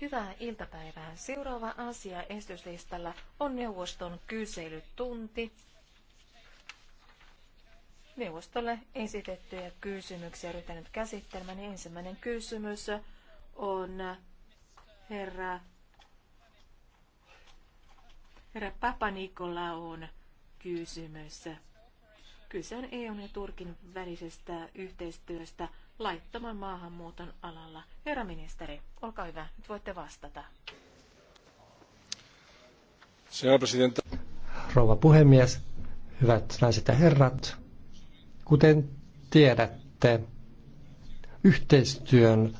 Hyvää iltapäivää. Seuraava asia esityslistalla on neuvoston kyselytunti. Neuvostolle esitettyjä kysymyksiä ryhtänyt nyt käsittelemään. Niin ensimmäinen kysymys on herra, herra Papa Nikolaun kysymys. Kyse on EUn ja Turkin välisestä yhteistyöstä – laittoman maahanmuuton alalla. Herra ministeri, olkaa hyvä, nyt voitte vastata. Rouva puhemies, hyvät naiset ja herrat, kuten tiedätte, yhteistyön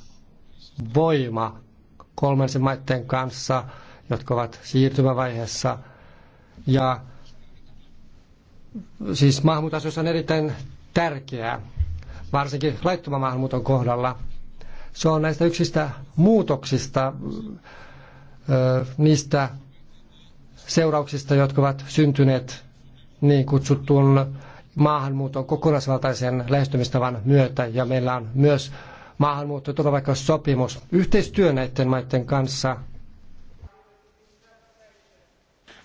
voima kolmansien maiden kanssa, jotka ovat siirtymävaiheessa. Ja siis maahanmuuttoasioissa on erittäin tärkeää varsinkin laittoman maahanmuuton kohdalla. Se on näistä yksistä muutoksista, niistä seurauksista, jotka ovat syntyneet niin kutsutun maahanmuuton kokonaisvaltaisen lähestymistavan myötä. Ja meillä on myös maahanmuutto- ja sopimus yhteistyö näiden maiden kanssa.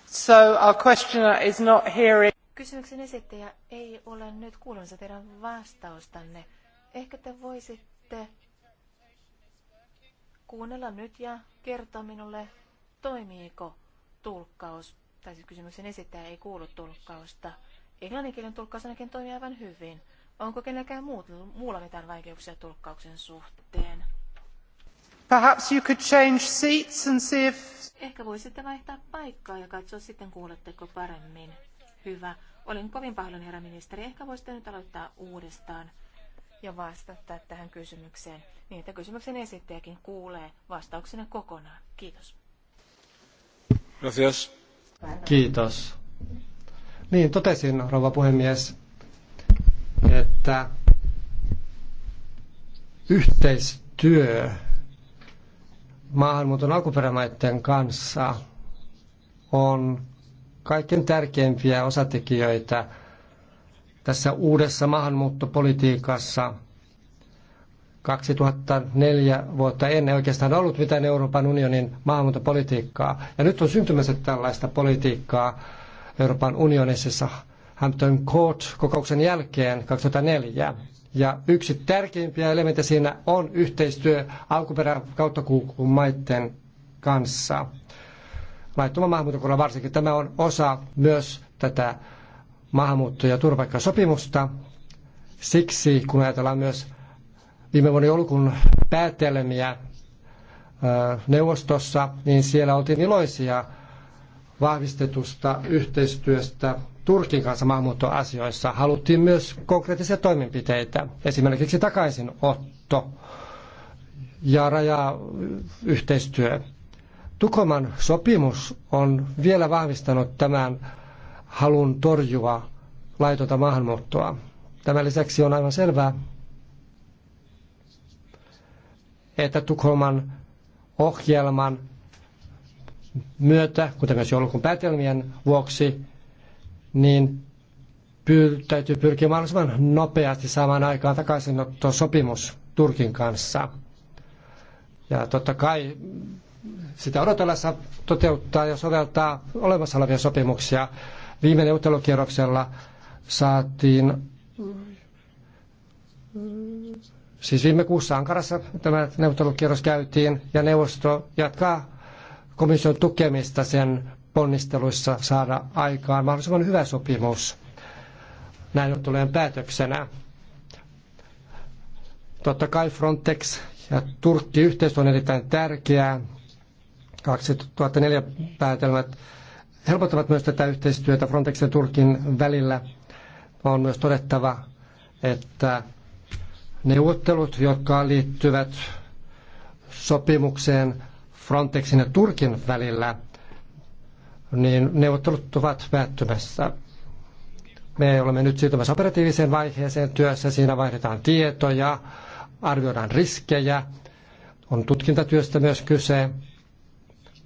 So our questioner is not hearing. Kysymyksen esittäjä ei ole nyt kuulonsa teidän vastaustanne. Ehkä te voisitte kuunnella nyt ja kertoa minulle, toimiiko tulkkaus, tai siis kysymyksen esittäjä ei kuulu tulkkausta. Englanninkielen tulkkaus ainakin toimii aivan hyvin. Onko kenelläkään muut, muulla mitään vaikeuksia tulkkauksen suhteen? Perhaps you could change seats and see if... Ehkä voisitte vaihtaa paikkaa ja katsoa sitten kuuletteko paremmin. Hyvä. Olen kovin pahoillani, herra ministeri. Ehkä voisitte nyt aloittaa uudestaan ja vastata tähän kysymykseen, niin että kysymyksen esittäjäkin kuulee vastauksena kokonaan. Kiitos. Gracias. Kiitos. Niin, totesin, rouva puhemies, että yhteistyö maahanmuuton alkuperämaiden kanssa on kaiken tärkeimpiä osatekijöitä tässä uudessa maahanmuuttopolitiikassa. 2004 vuotta ennen oikeastaan ollut mitään Euroopan unionin maahanmuuttopolitiikkaa. Ja nyt on syntymässä tällaista politiikkaa Euroopan unionissa Hampton Court-kokouksen jälkeen 2004. Ja yksi tärkeimpiä elementtejä siinä on yhteistyö alkuperä maiden kanssa laittoman maahanmuuton kohdalla varsinkin. Tämä on osa myös tätä maahanmuutto- ja turvapaikkasopimusta. Siksi, kun ajatellaan myös viime vuoden joulukuun päätelmiä neuvostossa, niin siellä oltiin iloisia vahvistetusta yhteistyöstä Turkin kanssa maahanmuuttoasioissa. Haluttiin myös konkreettisia toimenpiteitä, esimerkiksi takaisinotto ja rajayhteistyö. Tukoman sopimus on vielä vahvistanut tämän halun torjua laitonta maahanmuuttoa. Tämän lisäksi on aivan selvää, että Tukholman ohjelman myötä, kuten myös joulukuun päätelmien vuoksi, niin pyy- täytyy pyrkiä mahdollisimman nopeasti saamaan aikaan takaisin sopimus Turkin kanssa. Ja totta kai sitä odotellessa toteuttaa ja soveltaa olemassa olevia sopimuksia. Viime neuvottelukierroksella saatiin, siis viime kuussa Ankarassa tämä neuvottelukierros käytiin ja neuvosto jatkaa komission tukemista sen ponnisteluissa saada aikaan mahdollisimman hyvä sopimus näin on tulee päätöksenä. Totta kai Frontex ja Turkki yhteistyö on erittäin tärkeää 2004 päätelmät helpottavat myös tätä yhteistyötä Frontex ja Turkin välillä. On myös todettava, että neuvottelut, jotka liittyvät sopimukseen Frontexin ja Turkin välillä, niin neuvottelut ovat päättymässä. Me olemme nyt siirtymässä operatiiviseen vaiheeseen työssä. Siinä vaihdetaan tietoja, arvioidaan riskejä, on tutkintatyöstä myös kyse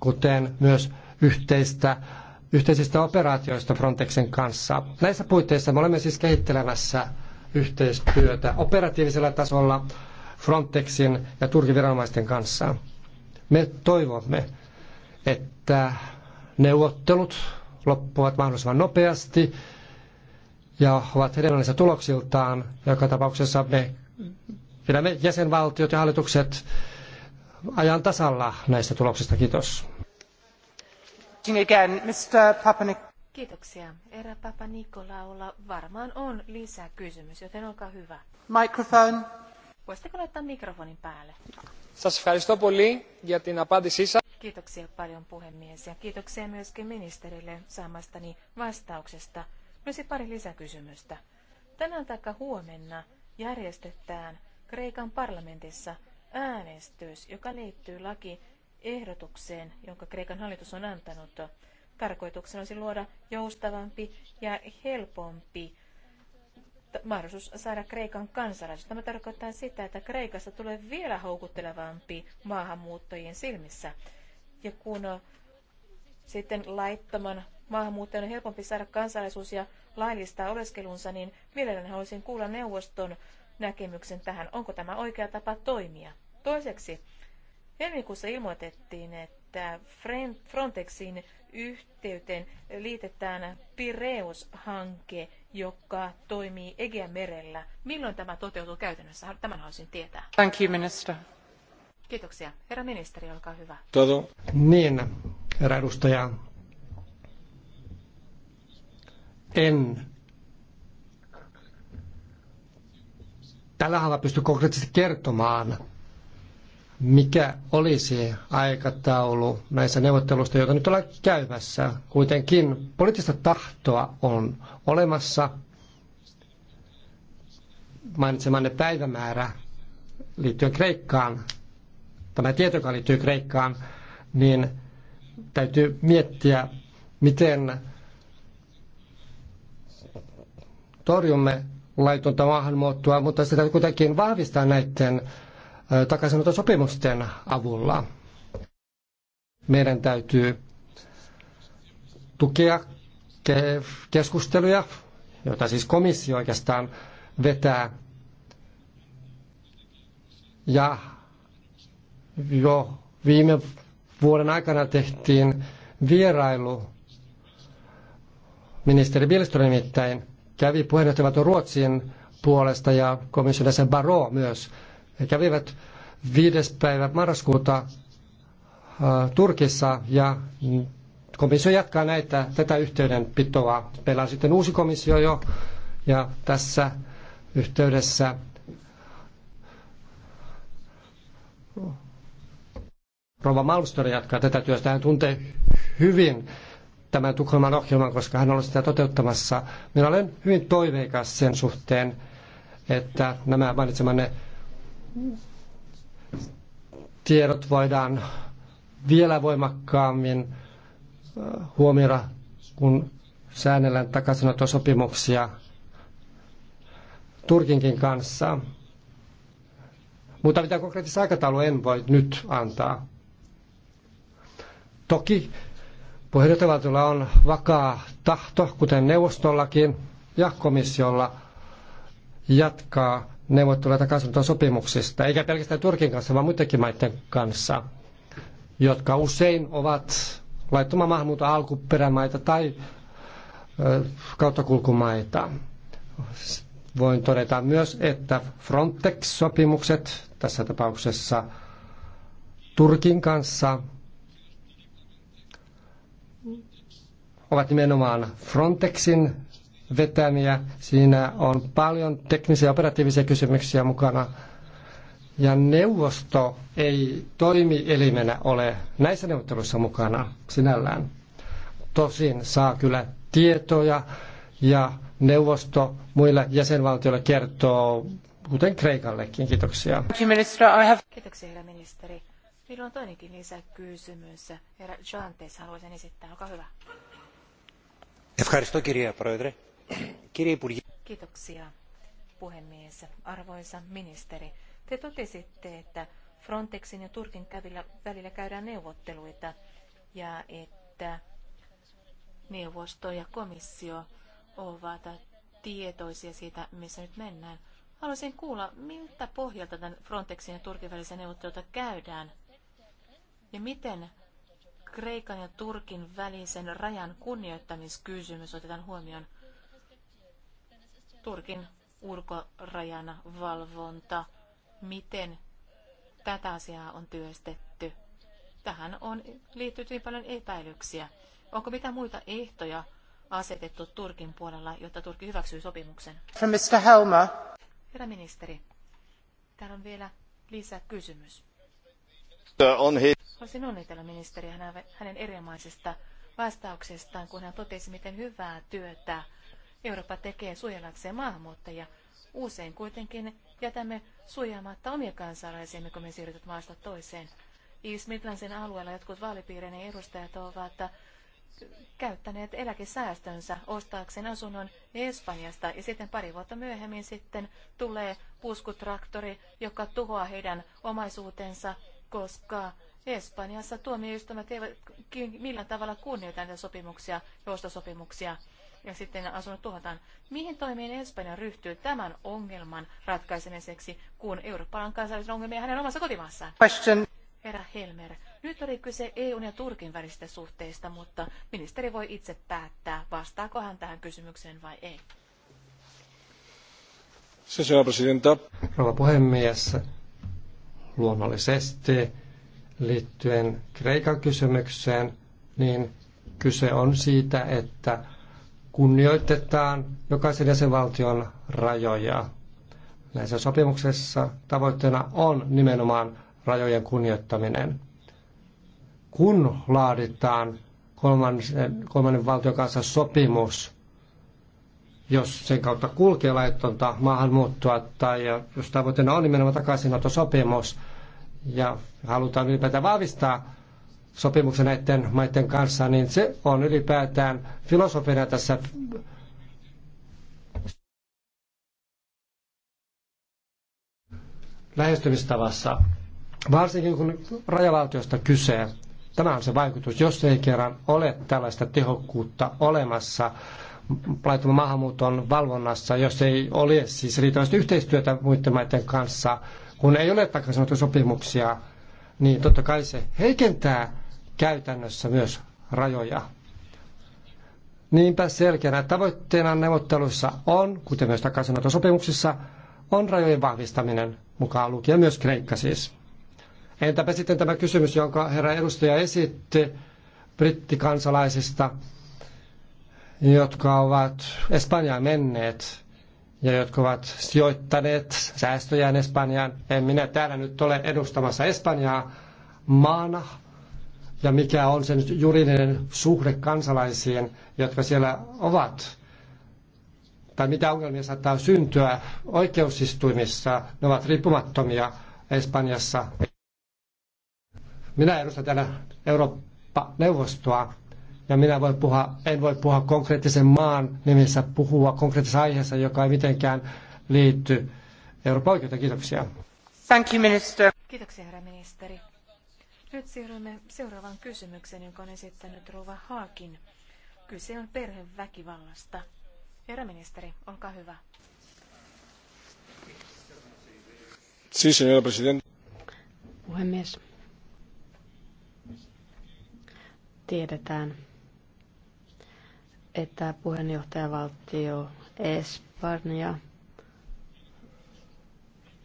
kuten myös yhteistä, yhteisistä operaatioista Frontexin kanssa. Näissä puitteissa me olemme siis kehittelemässä yhteistyötä operatiivisella tasolla Frontexin ja Turkin viranomaisten kanssa. Me toivomme, että neuvottelut loppuvat mahdollisimman nopeasti ja ovat hedelmällisiä tuloksiltaan. Joka tapauksessa me pidämme jäsenvaltiot ja hallitukset ajan tasalla näistä tuloksista. Kiitos. Kiitoksia. varmaan on lisäkysymys, joten olkaa hyvä. Voisitteko laittaa mikrofonin päälle? Kiitoksia paljon puhemies ja kiitoksia myös ministerille saamastani vastauksesta. Myös pari lisäkysymystä. Tänään taikka huomenna järjestetään Kreikan parlamentissa äänestys, joka liittyy laki ehdotukseen, jonka Kreikan hallitus on antanut. Tarkoituksena olisi luoda joustavampi ja helpompi mahdollisuus saada Kreikan kansalaisuus. Tämä tarkoittaa sitä, että Kreikasta tulee vielä houkuttelevampi maahanmuuttajien silmissä. Ja kun sitten laittoman maahanmuuttajan on helpompi saada kansalaisuus ja laillistaa oleskelunsa, niin mielelläni haluaisin kuulla neuvoston näkemyksen tähän. Onko tämä oikea tapa toimia? Toiseksi Helmikuussa ilmoitettiin, että Frontexin yhteyteen liitetään Pireus-hanke, joka toimii Egean merellä. Milloin tämä toteutuu käytännössä? Tämän haluaisin tietää. Thank you, minister. Kiitoksia. Herra ministeri, olkaa hyvä. Todo. Niin, herra edustaja. En tällä haluan pysty konkreettisesti kertomaan mikä olisi aikataulu näissä neuvotteluissa, joita nyt ollaan käymässä. Kuitenkin poliittista tahtoa on olemassa. Mainitsemanne päivämäärä liittyen Kreikkaan, tämä tieto, joka liittyy Kreikkaan, niin täytyy miettiä, miten torjumme laitonta maahanmuuttoa, mutta sitä kuitenkin vahvistaa näiden takaisinottosopimusten avulla. Meidän täytyy tukea keskusteluja, joita siis komissio oikeastaan vetää. Ja jo viime vuoden aikana tehtiin vierailu. Ministeri Bielström nimittäin kävi puheenjohtajavaltio Ruotsin puolesta ja komissiolle jäsen Barrot myös he kävivät 5. päivä marraskuuta äh, Turkissa ja komissio jatkaa näitä, tätä yhteydenpitoa. Meillä on sitten uusi komissio jo ja tässä yhteydessä Rova Malmström jatkaa tätä työstä. Hän tuntee hyvin tämän Tukholman ohjelman, koska hän on sitä toteuttamassa. Minä olen hyvin toiveikas sen suhteen, että nämä mainitsemanne tiedot voidaan vielä voimakkaammin äh, huomioida, kun säännellään takaisinottosopimuksia Turkinkin kanssa. Mutta mitä konkreettista aikataulua en voi nyt antaa. Toki puheenjohtajavaltiolla on vakaa tahto, kuten neuvostollakin ja komissiolla, jatkaa neuvotteluita takaisin sopimuksista, eikä pelkästään Turkin kanssa, vaan muidenkin maiden kanssa, jotka usein ovat laittoman maahanmuuton alkuperämaita tai kauttakulkumaita. Voin todeta myös, että Frontex-sopimukset tässä tapauksessa Turkin kanssa ovat nimenomaan Frontexin vetämiä. Siinä on paljon teknisiä ja operatiivisia kysymyksiä mukana. Ja neuvosto ei toimielimenä ole näissä neuvotteluissa mukana sinällään. Tosin saa kyllä tietoja ja neuvosto muille jäsenvaltioille kertoo, kuten Kreikallekin. Kiitoksia. Kiitoksia, herra ministeri. Minulla on toinenkin lisäkysymys. Herra Jantes haluaisin esittää. Olkaa hyvä. Ευχαριστώ, κυρία Πρόεδρε. Kiitoksia, puhemies. Arvoisa ministeri, te totesitte, että Frontexin ja Turkin välillä käydään neuvotteluita ja että neuvosto ja komissio ovat tietoisia siitä, missä nyt mennään. Haluaisin kuulla, miltä pohjalta tämän Frontexin ja Turkin välisiä neuvotteluita käydään ja miten Kreikan ja Turkin välisen rajan kunnioittamiskysymys otetaan huomioon Turkin ulkorajan valvonta. Miten tätä asiaa on työstetty? Tähän on liittynyt niin paljon epäilyksiä. Onko mitä muita ehtoja asetettu Turkin puolella, jotta Turkki hyväksyy sopimuksen? From Mr. Helmer. Herra ministeri, täällä on vielä lisäkysymys. Olisin onnitella ministeriä hänen erinomaisesta vastauksestaan, kun hän totesi, miten hyvää työtä Eurooppa tekee suojelakseen maahanmuuttajia. Usein kuitenkin jätämme suojaamatta omia kansalaisiamme, kun me siirrytään maasta toiseen. East Midlandsin alueella jotkut vaalipiirien edustajat ovat käyttäneet eläkesäästönsä ostaakseen asunnon Espanjasta ja sitten pari vuotta myöhemmin sitten tulee puskutraktori, joka tuhoaa heidän omaisuutensa, koska Espanjassa tuomioistuimet eivät millään tavalla kunnioita näitä sopimuksia ja ostosopimuksia ja sitten asunnot tuhotaan. Mihin toimiin Espanja ryhtyy tämän ongelman ratkaisemiseksi, kun Euroopan on kansainvälisiä ongelmia hänen omassa kotimaassaan? Question. Herra Helmer, nyt oli kyse EUn ja Turkin välisistä suhteista, mutta ministeri voi itse päättää, vastaako hän tähän kysymykseen vai ei. Rouva puhemies, luonnollisesti liittyen Kreikan kysymykseen, niin kyse on siitä, että kunnioitetaan jokaisen jäsenvaltion rajoja. Näissä sopimuksessa tavoitteena on nimenomaan rajojen kunnioittaminen. Kun laaditaan kolmannen, kolmannen valtion kanssa sopimus, jos sen kautta kulkee laittonta maahanmuuttoa tai jos tavoitteena on nimenomaan takaisinottosopimus ja halutaan ylipäätään vahvistaa sopimuksen näiden maiden kanssa, niin se on ylipäätään filosofina tässä lähestymistavassa. Varsinkin kun rajavaltiosta kyse, tämä on se vaikutus, jos ei kerran ole tällaista tehokkuutta olemassa laittoman maahanmuuton valvonnassa, jos ei ole siis riittävästi yhteistyötä muiden maiden kanssa, kun ei ole sopimuksia, niin totta kai se heikentää käytännössä myös rajoja. Niinpä selkeänä tavoitteena neuvotteluissa on, kuten myös takaisinottosopimuksissa, on rajojen vahvistaminen, mukaan lukien myös Kreikka siis. Entäpä sitten tämä kysymys, jonka herra edustaja esitti brittikansalaisista, jotka ovat Espanjaan menneet ja jotka ovat sijoittaneet säästöjään Espanjaan. En minä täällä nyt ole edustamassa Espanjaa maana, ja mikä on sen juridinen suhde kansalaisiin, jotka siellä ovat, tai mitä ongelmia saattaa syntyä oikeusistuimissa. Ne ovat riippumattomia Espanjassa. Minä edustan täällä Eurooppa-neuvostoa ja minä voi puhua, en voi puhua konkreettisen maan nimissä, puhua konkreettisessa aiheessa, joka ei mitenkään liitty Euroopan oikeuteen. Kiitoksia. Thank you, minister. Kiitoksia, herra ministeri. Nyt siirrymme seuraavaan kysymykseen, jonka on esittänyt Rova Haakin. Kyse on perheväkivallasta. Herra ministeri, olkaa hyvä. Sí, señora presidenta. Puhemies. Tiedetään, että puheenjohtajavaltio Espanja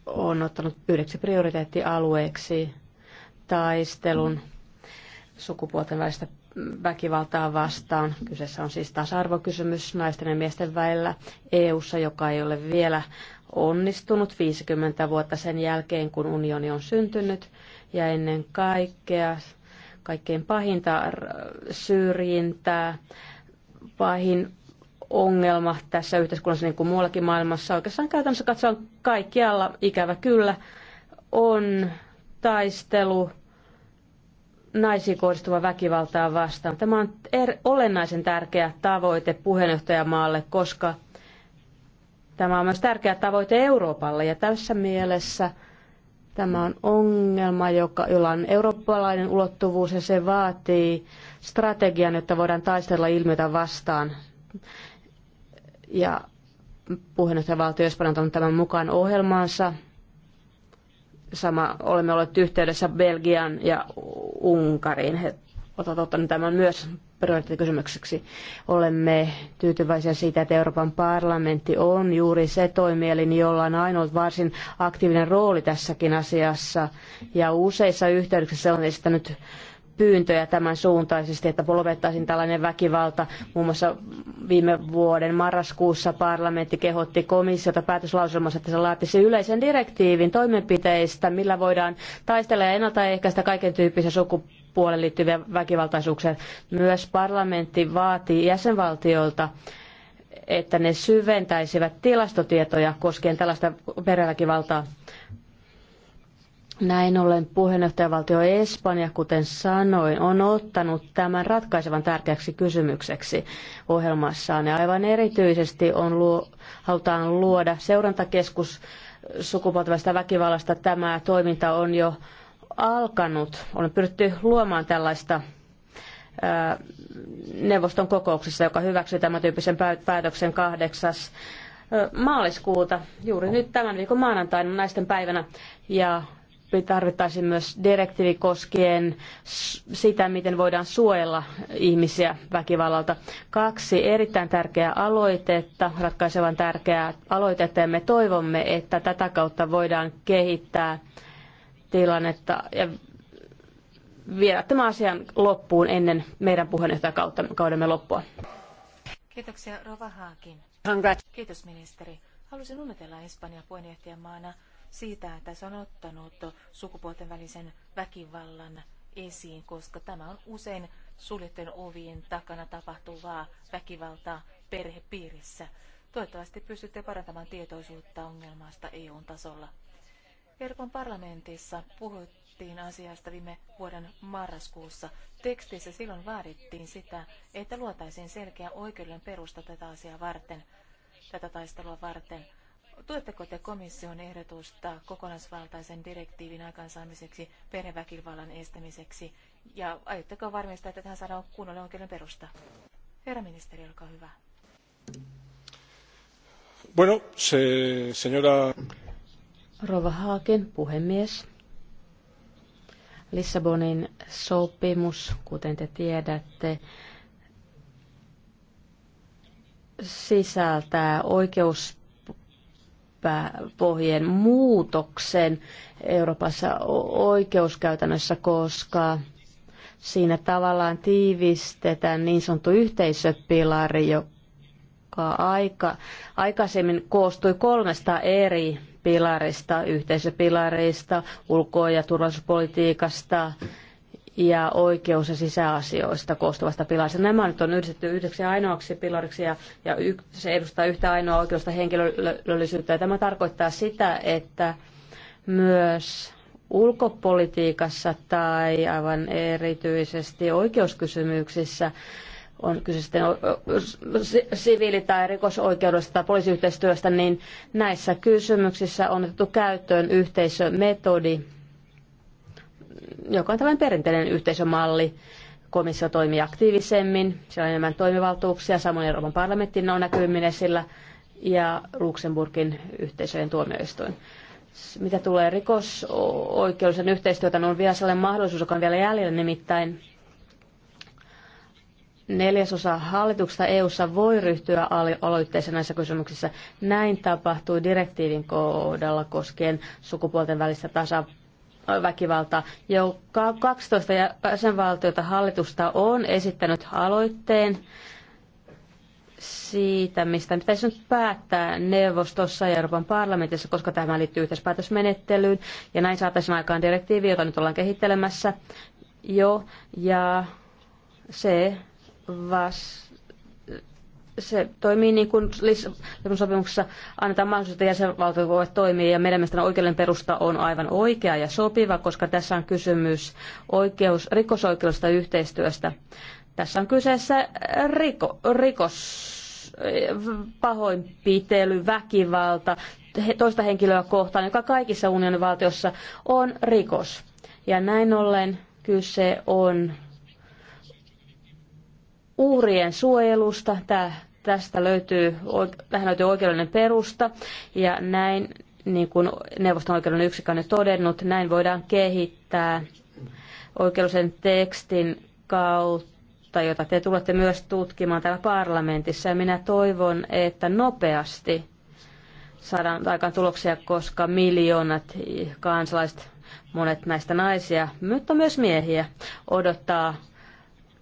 on ottanut yhdeksi prioriteettialueeksi taistelun sukupuolten välistä väkivaltaa vastaan. Kyseessä on siis tasa-arvokysymys naisten ja miesten välillä EU:ssa, joka ei ole vielä onnistunut 50 vuotta sen jälkeen, kun unioni on syntynyt. Ja ennen kaikkea kaikkein pahinta syrjintää, pahin ongelma tässä yhteiskunnassa niin kuin muuallakin maailmassa, oikeastaan käytännössä katsoen kaikkialla, ikävä kyllä, on taistelu naisiin kohdistuva väkivaltaa vastaan. Tämä on er, olennaisen tärkeä tavoite puheenjohtajamaalle, koska tämä on myös tärkeä tavoite Euroopalle. Ja tässä mielessä tämä on ongelma, joka, jolla on eurooppalainen ulottuvuus ja se vaatii strategian, jotta voidaan taistella ilmiötä vastaan. Ja puheenjohtajavaltio Espanja on tämän mukaan ohjelmaansa Sama olemme olleet yhteydessä Belgian ja Unkariin. He ovat ottaneet tämän myös prioriteettikysymykseksi. Olemme tyytyväisiä siitä, että Euroopan parlamentti on juuri se toimielin, jolla on ainoa varsin aktiivinen rooli tässäkin asiassa. Ja useissa yhteyksissä on esittänyt pyyntöjä tämän suuntaisesti, että lopettaisiin tällainen väkivalta. Muun muassa viime vuoden marraskuussa parlamentti kehotti komissiota päätöslauselmassa, että se laatisi yleisen direktiivin toimenpiteistä, millä voidaan taistella ja ennaltaehkäistä kaiken tyyppisiä sukupuolen liittyviä väkivaltaisuuksia. Myös parlamentti vaatii jäsenvaltioilta että ne syventäisivät tilastotietoja koskien tällaista perheväkivaltaa näin ollen puheenjohtajavaltio Espanja, kuten sanoin, on ottanut tämän ratkaisevan tärkeäksi kysymykseksi ohjelmassaan. Ja aivan erityisesti on luo, halutaan luoda seurantakeskus sukupuolta väkivallasta. Tämä toiminta on jo alkanut. On pyritty luomaan tällaista ää, neuvoston kokouksessa, joka hyväksyi tämän tyyppisen päätöksen kahdeksas maaliskuuta, juuri nyt tämän viikon maanantaina naisten päivänä. Ja tarvittaisiin myös direktiivi koskien sitä, miten voidaan suojella ihmisiä väkivallalta. Kaksi erittäin tärkeää aloitetta, ratkaisevan tärkeää aloitetta, ja me toivomme, että tätä kautta voidaan kehittää tilannetta ja viedä tämän asian loppuun ennen meidän puheenjohtajakautemme loppua. Kiitoksia Rova Haakin. Kiitos ministeri. Haluaisin onnitella Espanjan puheenjohtajamaana siitä, että se on ottanut sukupuolten välisen väkivallan esiin, koska tämä on usein suljettujen ovien takana tapahtuvaa väkivaltaa perhepiirissä. Toivottavasti pystytte parantamaan tietoisuutta ongelmasta EU-tasolla. Euroopan parlamentissa puhuttiin asiasta viime vuoden marraskuussa. Tekstissä silloin vaadittiin sitä, että luotaisiin selkeä oikeuden perusta tätä asiaa varten, tätä taistelua varten. Tuetteko te komission ehdotusta kokonaisvaltaisen direktiivin aikaansaamiseksi perheväkivallan estämiseksi ja aiotteko varmistaa, että tähän saadaan kunnollinen oikeuden perusta? Herra ministeri, olkaa hyvä. Bueno, se, señora... Rova Haaken, puhemies. Lissabonin sopimus, kuten te tiedätte, sisältää oikeus pohjien muutoksen Euroopassa oikeuskäytännössä, koska siinä tavallaan tiivistetään niin sanottu yhteisöpilari, joka aika, aikaisemmin koostui kolmesta eri pilarista, yhteisöpilareista ulko- ja turvallisuuspolitiikasta ja oikeus- ja sisäasioista koostuvasta pilarista. Nämä nyt on yhdistetty yhdeksi ainoaksi pilariksi ja, ja y, se edustaa yhtä ainoa oikeusta henkilöllisyyttä. Ja tämä tarkoittaa sitä, että myös ulkopolitiikassa tai aivan erityisesti oikeuskysymyksissä on kyse sitten siviili- tai rikosoikeudesta tai poliisiyhteistyöstä, niin näissä kysymyksissä on otettu käyttöön yhteisömetodi, joka on tällainen perinteinen yhteisömalli. Komissio toimii aktiivisemmin, siellä on enemmän toimivaltuuksia, samoin Euroopan parlamentin on näkyvimmin esillä ja Luxemburgin yhteisöjen tuomioistuin. Mitä tulee rikosoikeudellisen yhteistyötä, niin on vielä sellainen mahdollisuus, joka on vielä jäljellä, nimittäin neljäsosa hallituksesta EU:ssa voi ryhtyä aloitteeseen näissä kysymyksissä. Näin tapahtuu direktiivin kohdalla koskien sukupuolten välistä tasapainoa väkivaltaa. Jo 12 jäsenvaltiota hallitusta on esittänyt aloitteen siitä, mistä pitäisi nyt päättää neuvostossa ja Euroopan parlamentissa, koska tämä liittyy yhteispäätösmenettelyyn. Ja näin saataisiin aikaan direktiivi, jota nyt ollaan kehittelemässä jo. Ja se vasta se toimii niin kuin Lissabonin sopimuksessa annetaan mahdollisuus, että jäsenvaltiot voivat toimia ja meidän mielestämme oikeuden perusta on aivan oikea ja sopiva, koska tässä on kysymys oikeus, rikosoikeudesta yhteistyöstä. Tässä on kyseessä riko, rikos pahoinpitely, väkivalta toista henkilöä kohtaan, joka kaikissa unionin valtiossa on rikos. Ja näin ollen kyse on uhrien suojelusta. Tämä Tästä löytyy, tähän löytyy oikeudellinen perusta ja näin, niin kuin neuvoston oikeudellinen yksikkö on todennut, näin voidaan kehittää oikeudellisen tekstin kautta, jota te tulette myös tutkimaan täällä parlamentissa. Ja minä toivon, että nopeasti saadaan aikaan tuloksia, koska miljoonat kansalaiset, monet näistä naisia, mutta myös miehiä, odottaa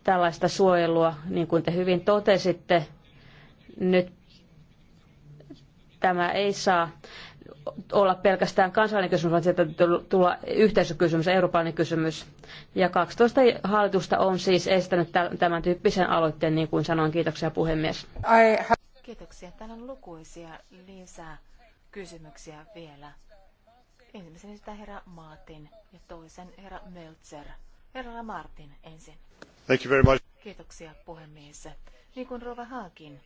tällaista suojelua, niin kuin te hyvin totesitte, nyt tämä ei saa olla pelkästään kansallinen kysymys, vaan sieltä tulla yhteisökysymys, eurooppalainen kysymys. Ja 12 hallitusta on siis estänyt tämän tyyppisen aloitteen, niin kuin sanoin. Kiitoksia puhemies. Kiitoksia. Täällä on lukuisia lisää kysymyksiä vielä. Ensimmäisen sitä herra Martin ja toisen herra Meltzer. Herra Martin ensin. Thank you very much. Kiitoksia puhemies. Niin kuin Rova Haakin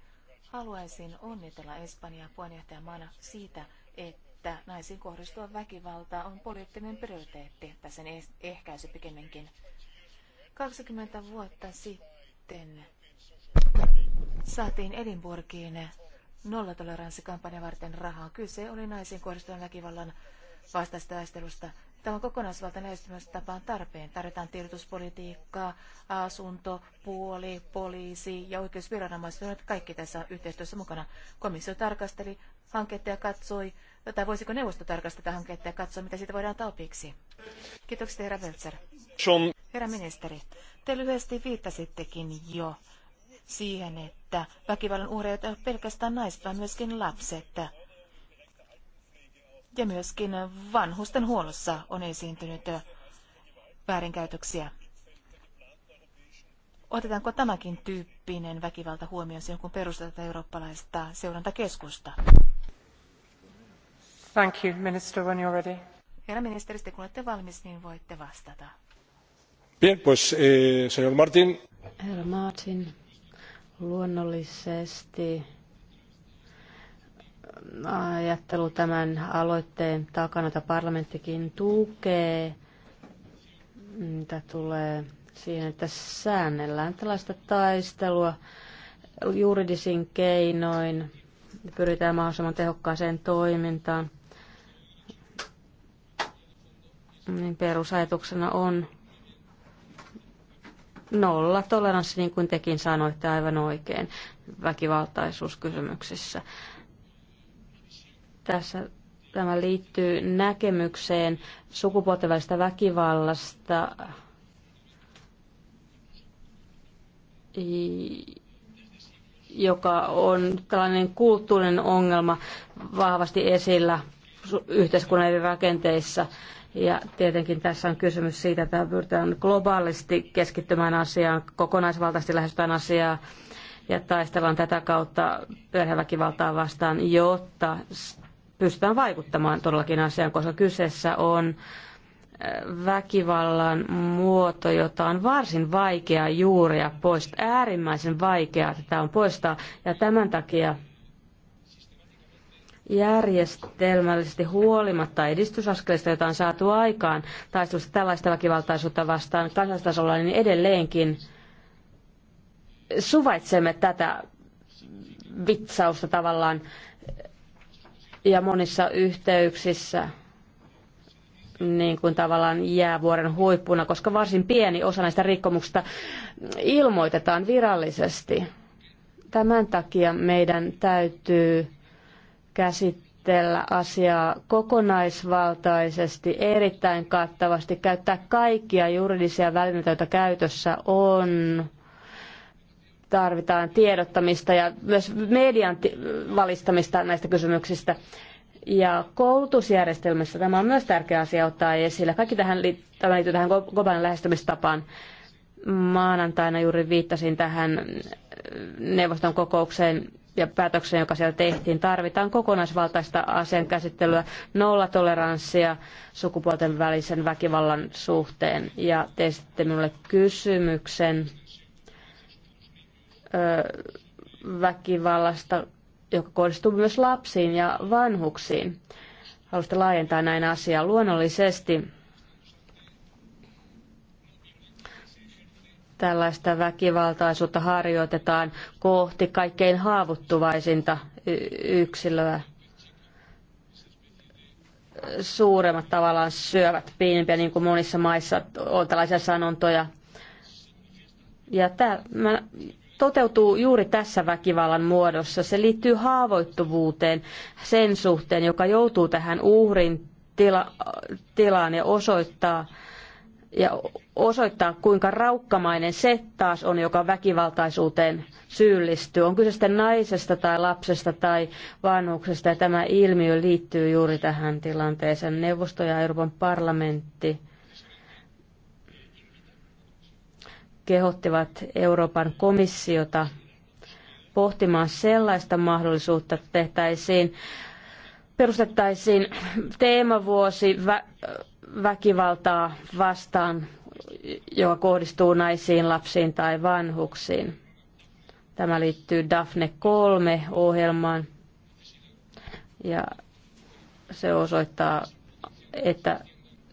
Haluaisin onnitella Espanjaa puheenjohtajamaana siitä, että naisiin kohdistuva väkivalta on poliittinen prioriteetti tai sen ehkäisy pikemminkin. 20 vuotta sitten saatiin Edinburghiin nollatoleranssikampanja varten rahaa. Kyse oli naisiin kohdistuvan väkivallan vastaista taistelusta Tämä kokonaisvaltainen lähestymistapa on tarpeen. Tarvitaan tiedotuspolitiikkaa, asunto, puoli, poliisi ja oikeusviranomaiset ovat kaikki tässä yhteistyössä mukana. Komissio tarkasteli hanketta ja katsoi, tai voisiko neuvosto tarkastaa hanketta ja katsoa, mitä siitä voidaan taupiksi. Kiitoksia, herra Weltzer. Herra ministeri, te lyhyesti viittasittekin jo siihen, että väkivallan uhreja ovat pelkästään naiset, vaan myöskin lapset ja myöskin vanhusten huollossa on esiintynyt väärinkäytöksiä. Otetaanko tämäkin tyyppinen väkivalta huomioon silloin, kun perustetaan eurooppalaista seurantakeskusta? Thank you, minister, when you're ready. Herra ministeri, kun olette valmis, niin voitte vastata. Bien, pues, eh, señor Martin. Herra Martin, luonnollisesti ajattelu tämän aloitteen takana, että parlamenttikin tukee, mitä tulee siihen, että säännellään tällaista taistelua juridisin keinoin, pyritään mahdollisimman tehokkaaseen toimintaan. Niin perusajatuksena on nolla toleranssi, niin kuin tekin sanoitte aivan oikein, väkivaltaisuuskysymyksissä. Tässä tämä liittyy näkemykseen sukupuolten välistä väkivallasta, joka on tällainen kulttuurinen ongelma vahvasti esillä yhteiskunnan eri rakenteissa. Ja tietenkin tässä on kysymys siitä, että pyritään globaalisti keskittymään asiaan, kokonaisvaltaisesti lähestytään asiaa ja taistellaan tätä kautta perheväkivaltaa vastaan, jotta pystytään vaikuttamaan todellakin asiaan, koska kyseessä on äh, väkivallan muoto, jota on varsin vaikea juuria poistaa, äärimmäisen vaikeaa tätä on poistaa. Ja tämän takia järjestelmällisesti huolimatta edistysaskelista, jota on saatu aikaan taistelusta tällaista väkivaltaisuutta vastaan kansallistasolla, niin edelleenkin suvaitsemme tätä vitsausta tavallaan ja monissa yhteyksissä niin kuin tavallaan jäävuoren huippuna, koska varsin pieni osa näistä rikkomuksista ilmoitetaan virallisesti. Tämän takia meidän täytyy käsitellä asiaa kokonaisvaltaisesti, erittäin kattavasti, käyttää kaikkia juridisia välineitä, joita käytössä on tarvitaan tiedottamista ja myös median valistamista näistä kysymyksistä. Ja koulutusjärjestelmässä tämä on myös tärkeä asia ottaa esille. Kaikki tähän tämä liittyy tähän globaalin lähestymistapaan. Maanantaina juuri viittasin tähän neuvoston kokoukseen ja päätökseen, joka siellä tehtiin. Tarvitaan kokonaisvaltaista asian käsittelyä, nollatoleranssia sukupuolten välisen väkivallan suhteen. Ja teistä minulle kysymyksen väkivallasta, joka kohdistuu myös lapsiin ja vanhuksiin. Haluaisitte laajentaa näin asiaa luonnollisesti. Tällaista väkivaltaisuutta harjoitetaan kohti kaikkein haavuttuvaisinta yksilöä. Suuremmat tavallaan syövät pienempiä, niin kuin monissa maissa on tällaisia sanontoja. Ja tämä toteutuu juuri tässä väkivallan muodossa. Se liittyy haavoittuvuuteen sen suhteen, joka joutuu tähän uhrin tila, tilaan ja osoittaa, ja osoittaa, kuinka raukkamainen se taas on, joka väkivaltaisuuteen syyllistyy. On kyse sitten naisesta tai lapsesta tai vanhuksesta, ja tämä ilmiö liittyy juuri tähän tilanteeseen. Neuvosto ja Euroopan parlamentti kehottivat Euroopan komissiota pohtimaan sellaista mahdollisuutta, että tehtäisiin, perustettaisiin teemavuosi vä- väkivaltaa vastaan, joka kohdistuu naisiin, lapsiin tai vanhuksiin. Tämä liittyy Daphne 3-ohjelmaan ja se osoittaa, että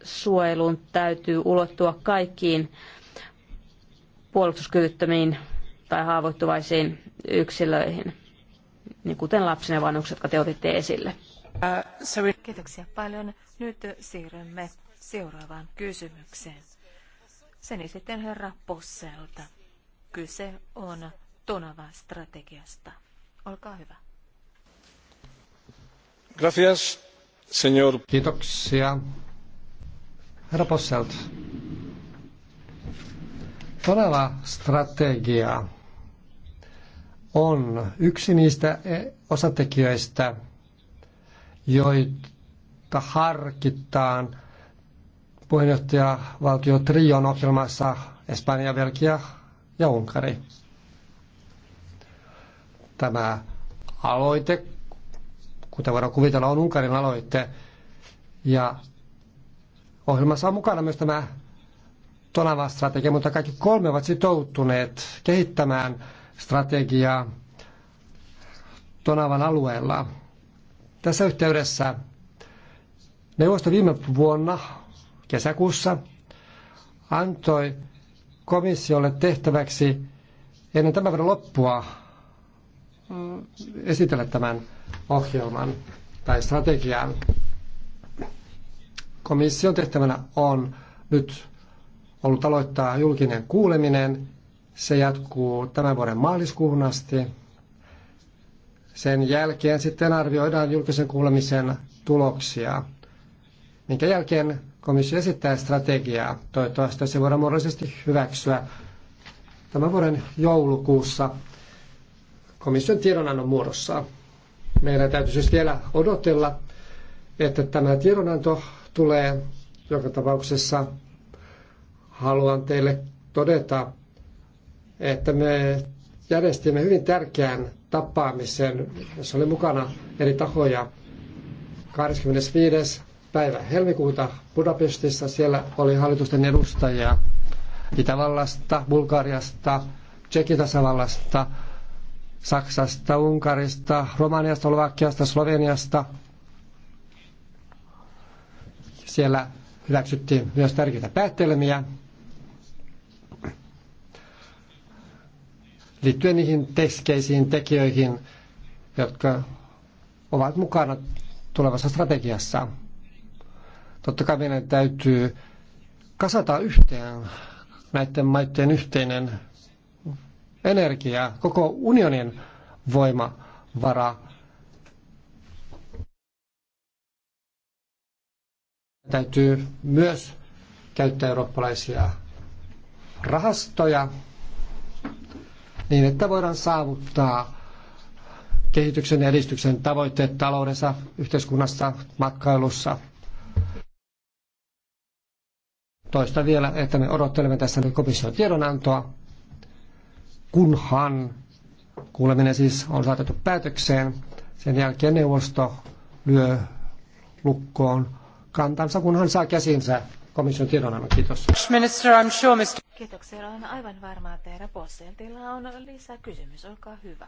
suojelun täytyy ulottua kaikkiin puolustuskyvyttömiin tai haavoittuvaisiin yksilöihin, niin kuten lapsen ja vanhukset, jotka te otitte esille. Kiitoksia paljon. Nyt siirrymme seuraavaan kysymykseen. Sen sitten herra Posselta. Kyse on Tonava-strategiasta. Olkaa hyvä. Gracias, señor. Kiitoksia. Herra Posselt, Todella strategia on yksi niistä e, osatekijöistä, joita harkitaan puheenjohtajavaltio Trion ohjelmassa Espanja, Belgia ja Unkari. Tämä aloite, kuten voidaan kuvitella, on Unkarin aloite. Ja ohjelmassa on mukana myös tämä Tonavan strategia, mutta kaikki kolme ovat sitoutuneet kehittämään strategiaa Tonavan alueella. Tässä yhteydessä neuvosto viime vuonna kesäkuussa antoi komissiolle tehtäväksi ennen tämän vuoden loppua mm, esitellä tämän ohjelman tai strategian. Komission tehtävänä on nyt ollut aloittaa julkinen kuuleminen. Se jatkuu tämän vuoden maaliskuun asti. Sen jälkeen sitten arvioidaan julkisen kuulemisen tuloksia, minkä jälkeen komissio esittää strategiaa. Toivottavasti se voidaan muodollisesti hyväksyä tämän vuoden joulukuussa komission tiedonannon muodossa. Meidän täytyy siis vielä odotella, että tämä tiedonanto tulee joka tapauksessa haluan teille todeta, että me järjestimme hyvin tärkeän tapaamisen, jossa oli mukana eri tahoja. 25. päivä helmikuuta Budapestissa siellä oli hallitusten edustajia Itävallasta, Bulgariasta, Tsekin tasavallasta, Saksasta, Unkarista, Romaniasta, Slovakiasta, Sloveniasta. Siellä hyväksyttiin myös tärkeitä päättelmiä liittyen niihin keskeisiin tekijöihin, jotka ovat mukana tulevassa strategiassa. Totta kai meidän täytyy kasata yhteen näiden maiden yhteinen energia, koko unionin voimavara. Täytyy myös käyttää eurooppalaisia rahastoja, niin että voidaan saavuttaa kehityksen ja edistyksen tavoitteet taloudessa, yhteiskunnassa, matkailussa. Toista vielä, että me odottelemme tässä nyt komission tiedonantoa, kunhan kuuleminen siis on saatettu päätökseen. Sen jälkeen neuvosto lyö lukkoon kantansa, kunhan saa käsinsä komission tiedonannon. Kiitos. Minister, I'm sure, Mr. Kiitoksia. Olen aivan varma, että herra Posseltilla on lisää kysymys. Olkaa hyvä.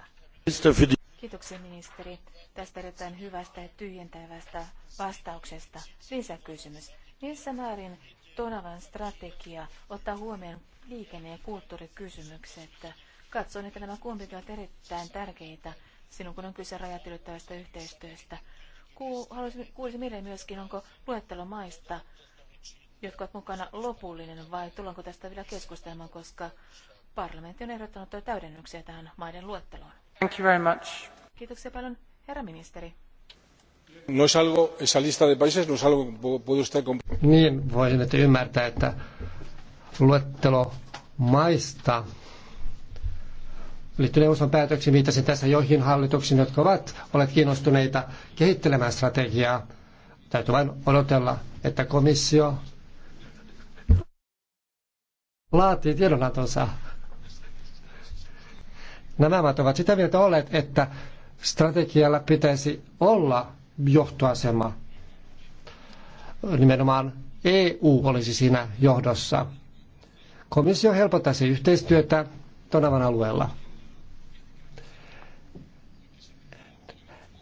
Kiitoksia ministeri tästä erittäin hyvästä ja tyhjentävästä vastauksesta. Lisäkysymys. Missä määrin Tonavan strategia ottaa huomioon liikenne- ja kulttuurikysymykset? Katson, että nämä kumpikin ovat erittäin tärkeitä sinun kun on kyse rajat yhteistyöstä. Kuul- haluaisin, kuulisin mieleen myöskin, onko luettelo maista, jotka ovat mukana lopullinen vai tullaanko tästä vielä keskustelemaan, koska parlamentti on ehdottanut täydennyksiä tähän maiden luetteloon. Thank you very much. Kiitoksia paljon, herra ministeri. No es algo, esa lista de países no es algo puede usted... Niin, voisin nyt ymmärtää, että luettelo maista liittyy neuvoston päätöksiin, viittasin tässä joihin hallituksiin, jotka ovat olleet kiinnostuneita kehittelemään strategiaa. Täytyy vain odotella, että komissio laatii tiedonantonsa. Nämä maat ovat sitä mieltä olleet, että strategialla pitäisi olla johtoasema. Nimenomaan EU olisi siinä johdossa. Komissio helpottaisi yhteistyötä Tonavan alueella.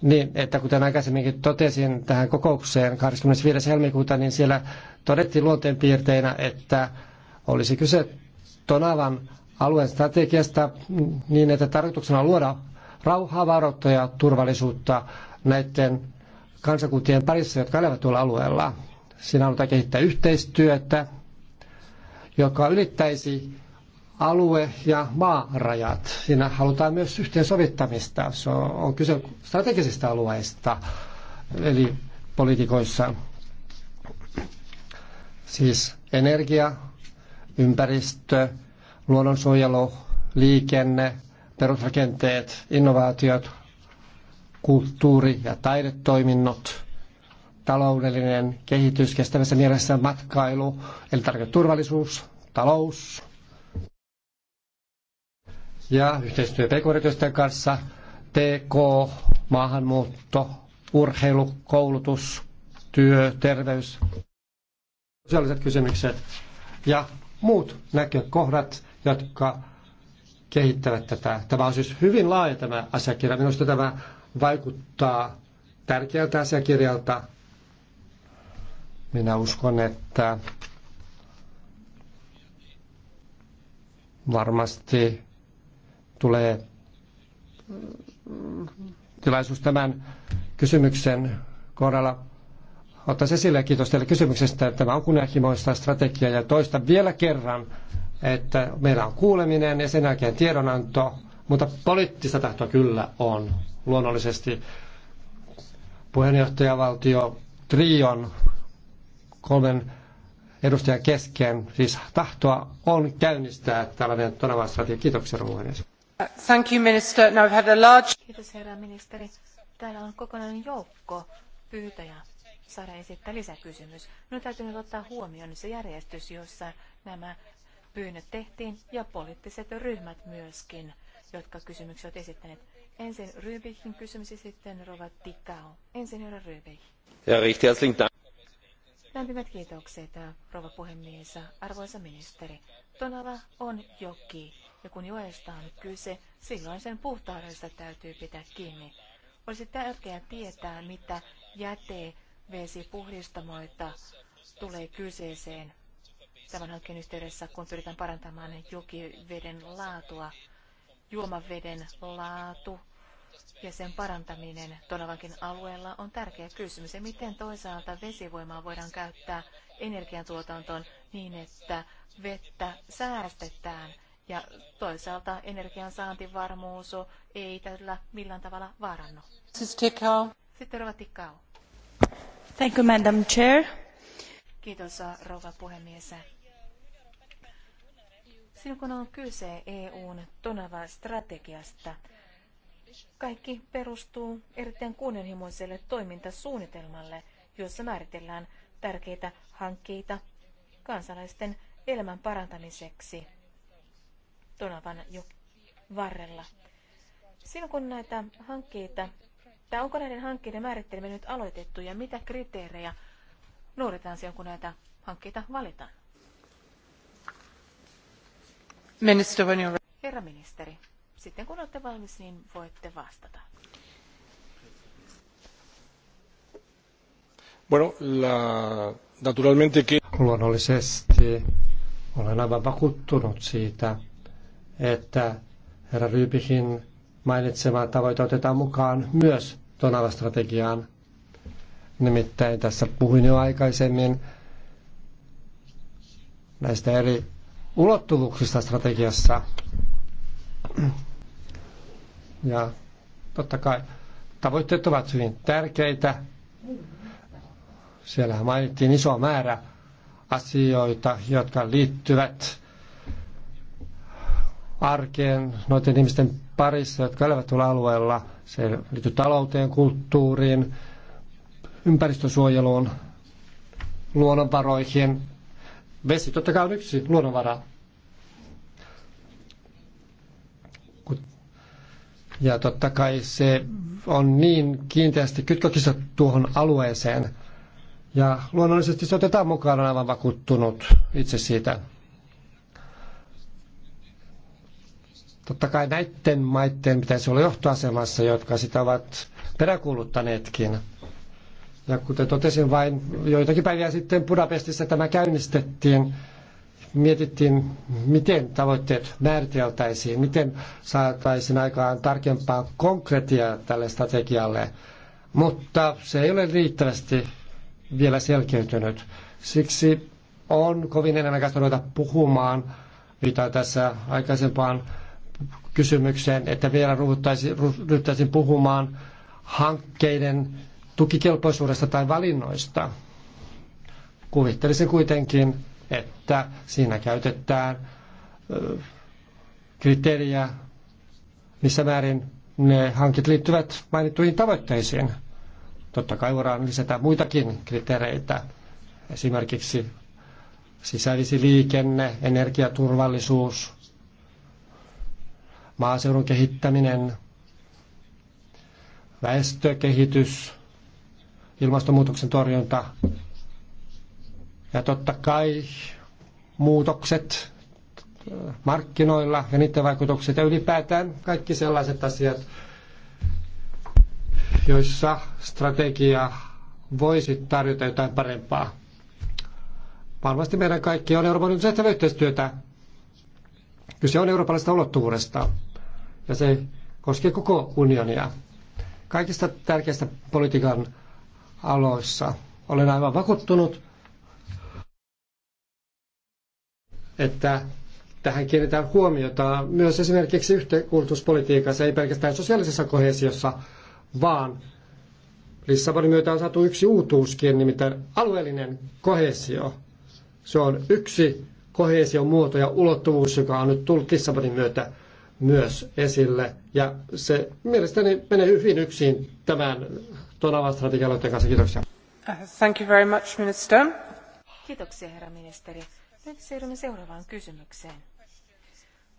Niin, että kuten aikaisemminkin totesin tähän kokoukseen 25. helmikuuta, niin siellä todettiin luonteenpiirteinä, että olisi kyse Tonavan alueen strategiasta niin, että tarkoituksena on luoda rauhaa, varoutta ja turvallisuutta näiden kansakuntien parissa, jotka elävät tuolla alueella. Siinä halutaan kehittää yhteistyötä, joka ylittäisi alue- ja maarajat. Siinä halutaan myös yhteensovittamista. Se on kyse strategisista alueista, eli politikoissa. Siis energia, ympäristö, luonnonsuojelu, liikenne, perusrakenteet, innovaatiot, kulttuuri- ja taidetoiminnot, taloudellinen kehitys, kestävässä mielessä matkailu, elintarviketurvallisuus, talous ja yhteistyö pk kanssa, TK, maahanmuutto, urheilu, koulutus, työ, terveys, sosiaaliset kysymykset ja muut näkökohdat, jotka kehittävät tätä. Tämä on siis hyvin laaja tämä asiakirja. Minusta tämä vaikuttaa tärkeältä asiakirjalta. Minä uskon, että varmasti tulee tilaisuus tämän kysymyksen kohdalla ottaa esille ja kiitos teille kysymyksestä. Tämä on kunnianhimoista strategiaa ja toista vielä kerran, että meillä on kuuleminen ja sen jälkeen tiedonanto, mutta poliittista tahtoa kyllä on luonnollisesti. Puheenjohtajavaltio Trion kolmen edustajan kesken, siis tahtoa on käynnistää tällainen todella strategia. Kiitoksia, puhemies. Thank you, minister. Now we've had a large... Kiitos, herra ministeri. Täällä on kokonainen joukko pyytäjä Sara esittää lisäkysymys. Nyt no, täytyy nyt ottaa huomioon se järjestys, jossa nämä pyynnöt tehtiin ja poliittiset ryhmät myöskin, jotka kysymykset ovat esittäneet. Ensin rybikin kysymys ja sitten Rova Tikau. Ensin herra rybik. Ja herzlichen Dank. Lämpimät kiitokset, rouva puhemies, arvoisa ministeri. Tonava on joki, ja kun joesta on kyse, silloin sen puhtaudesta täytyy pitää kiinni. Olisi tärkeää tietää, mitä jäte vesipuhdistamoita tulee kyseeseen tämän hankkeen yhteydessä, kun pyritään parantamaan jokiveden laatua, juomaveden laatu ja sen parantaminen Tonavankin alueella on tärkeä kysymys. Ja miten toisaalta vesivoimaa voidaan käyttää energiantuotantoon niin, että vettä säästetään ja toisaalta energian saantivarmuus ei tällä millään tavalla vaarannu. Sitten Rova Tikkao. Thank you, Madam Chair. Kiitos, rouva puhemies. Silloin kun on kyse EUn Tonava-strategiasta, kaikki perustuu erittäin kunnianhimoiselle toimintasuunnitelmalle, jossa määritellään tärkeitä hankkeita kansalaisten elämän parantamiseksi Tonavan jo varrella. Silloin kun näitä hankkeita että onko näiden hankkeiden määritteleminen nyt aloitettu ja mitä kriteerejä noudatetaan silloin, kun näitä hankkeita valitaan? Minister, when you're... Herra ministeri, sitten kun olette valmis, niin voitte vastata. Bueno, la... naturalmente que... Luonnollisesti olen aivan vakuuttunut siitä, että herra Ryypikin mainitsema tavoite otetaan mukaan myös strategiaan. Nimittäin tässä puhuin jo aikaisemmin näistä eri ulottuvuuksista strategiassa. Ja totta kai tavoitteet ovat hyvin tärkeitä. Siellä mainittiin iso määrä asioita, jotka liittyvät arkeen noiden ihmisten parissa, jotka elävät tuolla alueella – se liittyy talouteen, kulttuuriin, ympäristösuojeluun, luonnonvaroihin. Vesi totta kai on yksi luonnonvara. Ja totta kai se on niin kiinteästi kytköksissä tuohon alueeseen. Ja luonnollisesti se otetaan mukaan aivan vakuuttunut itse siitä. Totta kai näiden maiden pitäisi olla johtoasemassa, jotka sitä ovat peräkuuluttaneetkin. Ja kuten totesin vain joitakin päiviä sitten Budapestissa tämä käynnistettiin, mietittiin, miten tavoitteet määriteltäisiin, miten saataisiin aikaan tarkempaa konkretiaa tälle strategialle. Mutta se ei ole riittävästi vielä selkeytynyt. Siksi on kovin enemmän ruveta puhumaan, mitä tässä aikaisempaan kysymykseen, että vielä ryhtäisin puhumaan hankkeiden tukikelpoisuudesta tai valinnoista. Kuvittelisin kuitenkin, että siinä käytetään kriteeriä, missä määrin ne hankit liittyvät mainittuihin tavoitteisiin. Totta kai voidaan lisätä muitakin kriteereitä, esimerkiksi sisävisi liikenne, energiaturvallisuus, maaseudun kehittäminen, väestökehitys, ilmastonmuutoksen torjunta ja totta kai muutokset äh, markkinoilla ja niiden vaikutukset ja ylipäätään kaikki sellaiset asiat, joissa strategia voisi tarjota jotain parempaa. Varmasti meidän kaikki on Euroopan yhteistyötä Kyse on eurooppalaisesta ulottuvuudesta ja se koskee koko unionia. Kaikista tärkeistä politiikan aloissa olen aivan vakuuttunut, että tähän kiinnitetään huomiota myös esimerkiksi yhteenkuulutuspolitiikassa, ei pelkästään sosiaalisessa kohesiossa, vaan Lissabonin myötä on saatu yksi uutuuskin, nimittäin alueellinen kohesio. Se on yksi kohesion muoto ja ulottuvuus, joka on nyt tullut Lissabonin myötä myös esille. Ja se mielestäni menee hyvin yksin tämän tonavan strategian kanssa. Kiitoksia. Uh, thank you very much, minister. Kiitoksia, herra ministeri. Nyt siirrymme seuraavaan kysymykseen.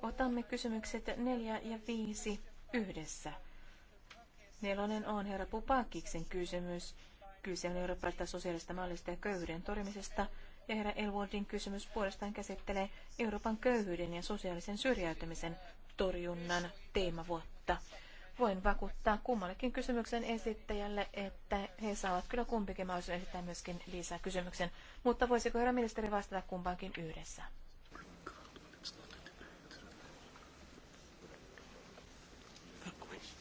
Otamme kysymykset neljä ja viisi yhdessä. Nelonen on herra Pupakiksen kysymys. Kyse on eurooppalaisesta sosiaalista mallista ja köyhyyden torjumisesta ja herra Elwoodin kysymys puolestaan käsittelee Euroopan köyhyyden ja sosiaalisen syrjäytymisen torjunnan teemavuotta. Voin vakuuttaa kummallekin kysymyksen esittäjälle, että he saavat kyllä kumpikin mahdollisuuden esittää myöskin lisää kysymyksen, mutta voisiko herra ministeri vastata kumpaankin yhdessä?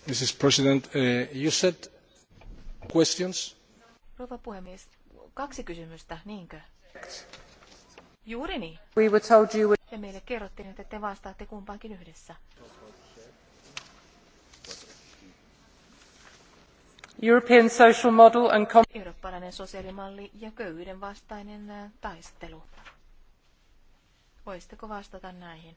Mrs. President, uh, you said questions? Rouva puhemies, kaksi kysymystä, niinkö? Juuri niin. We were told you would... Ja meille kerrottiin, että te vastaatte kumpaankin yhdessä. European social model and... Eurooppalainen sosiaalimalli ja köyhyyden vastainen äh, taistelu. Voisitteko vastata näihin?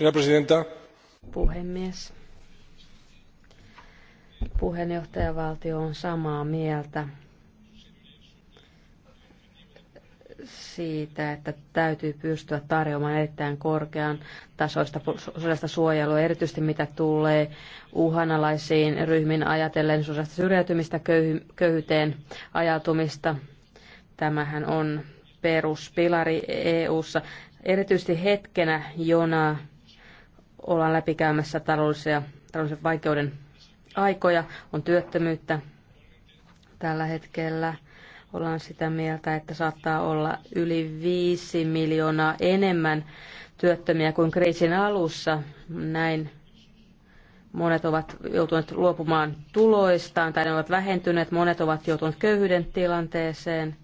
Señora Puhemies. Puheenjohtajavaltio on samaa mieltä siitä, että täytyy pystyä tarjoamaan erittäin korkean tasoista sosiaalista suojelua, erityisesti mitä tulee uhanalaisiin ryhmiin ajatellen sosiaalista syrjäytymistä, köyhy- köyhyyteen ajautumista. Tämähän on peruspilari EU:ssa, e-, erityisesti hetkenä, jona ollaan läpikäymässä taloudellisia, taloudellisen vaikeuden aikoja, on työttömyyttä tällä hetkellä. Ollaan sitä mieltä, että saattaa olla yli 5 miljoonaa enemmän työttömiä kuin kriisin alussa. Näin monet ovat joutuneet luopumaan tuloistaan tai ne ovat vähentyneet, monet ovat joutuneet köyhyyden tilanteeseen.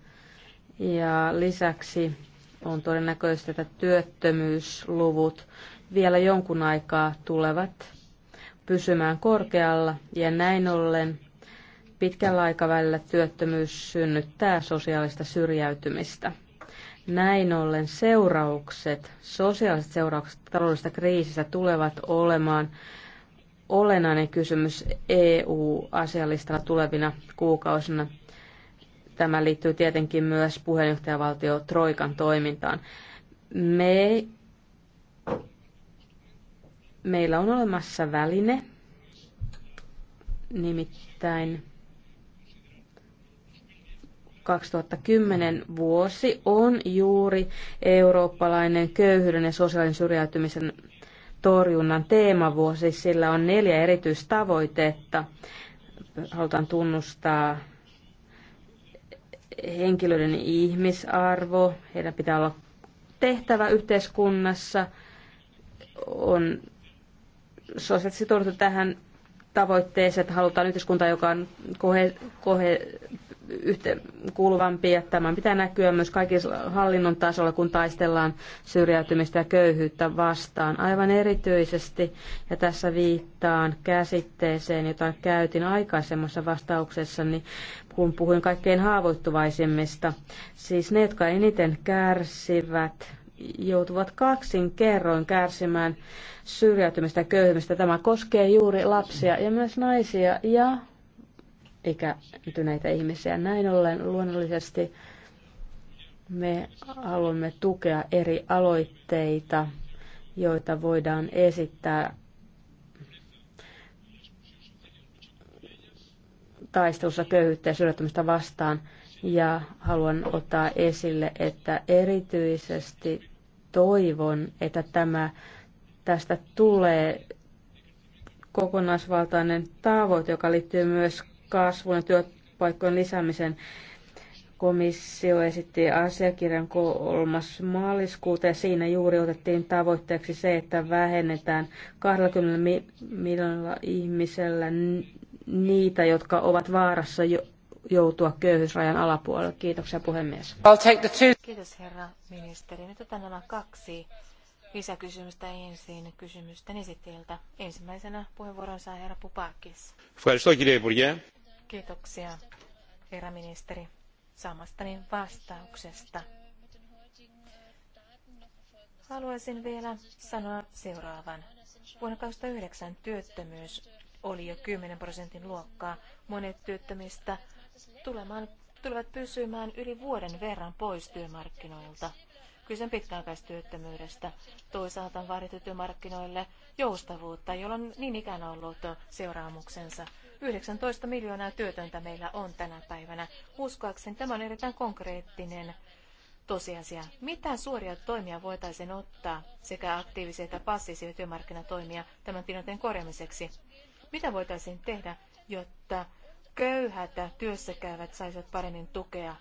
Ja lisäksi on todennäköistä, että työttömyysluvut vielä jonkun aikaa tulevat pysymään korkealla ja näin ollen pitkällä aikavälillä työttömyys synnyttää sosiaalista syrjäytymistä. Näin ollen seuraukset, sosiaaliset seuraukset taloudellisesta kriisistä tulevat olemaan olennainen kysymys EU-asialistalla tulevina kuukausina. Tämä liittyy tietenkin myös puheenjohtajavaltio Troikan toimintaan. Me, meillä on olemassa väline, nimittäin 2010 vuosi on juuri eurooppalainen köyhyyden ja sosiaalisen syrjäytymisen torjunnan teemavuosi. Sillä on neljä erityistavoitetta. Halutaan tunnustaa henkilöiden ihmisarvo, heidän pitää olla tehtävä yhteiskunnassa, on sosiaalisesti sitouduttu tähän tavoitteeseen, että halutaan yhteiskunta, joka on kohe, kohe yhteen kuuluvampi, ja tämän pitää näkyä myös kaikilla hallinnon tasolla, kun taistellaan syrjäytymistä ja köyhyyttä vastaan. Aivan erityisesti, ja tässä viittaan käsitteeseen, jota käytin aikaisemmassa vastauksessani, kun puhuin kaikkein haavoittuvaisimmista. Siis ne, jotka eniten kärsivät, joutuvat kaksin kerroin kärsimään syrjäytymistä ja köyhymistä. Tämä koskee juuri lapsia ja myös naisia ja ikääntyneitä ihmisiä. Näin ollen luonnollisesti me haluamme tukea eri aloitteita, joita voidaan esittää taistelussa köyhyyttä ja syrjäytymistä vastaan. Ja haluan ottaa esille, että erityisesti toivon, että tämä, tästä tulee kokonaisvaltainen tavoite, joka liittyy myös kasvun ja työpaikkojen lisäämisen. Komissio esitti asiakirjan 3. maaliskuuta ja siinä juuri otettiin tavoitteeksi se, että vähennetään 20 miljoonalla ihmisellä niitä, jotka ovat vaarassa jo joutua köyhyysrajan alapuolelle. Kiitoksia puhemies. I'll take the two. Kiitos herra ministeri. Nyt otan nämä kaksi lisäkysymystä ensin kysymysten esittäjiltä. Ensimmäisenä puheenvuoron saa herra Pupakis. Kiitoksia herra ministeri saamastani vastauksesta. Haluaisin vielä sanoa seuraavan. Vuonna 2009 työttömyys oli jo 10 prosentin luokkaa. Monet työttömistä tulemaan, tulevat pysymään yli vuoden verran pois työmarkkinoilta. Kyse on pitkäaikaistyöttömyydestä. Toisaalta on vaadittu työmarkkinoille joustavuutta, jolloin niin ikään ollut seuraamuksensa. 19 miljoonaa työtöntä meillä on tänä päivänä. Uskoakseni tämä on erittäin konkreettinen tosiasia. Mitä suoria toimia voitaisiin ottaa sekä aktiivisia että passiivisia työmarkkinatoimia tämän tilanteen korjaamiseksi? Mitä voitaisiin tehdä, jotta köyhät työssäkäyvät saisivat paremmin tukea?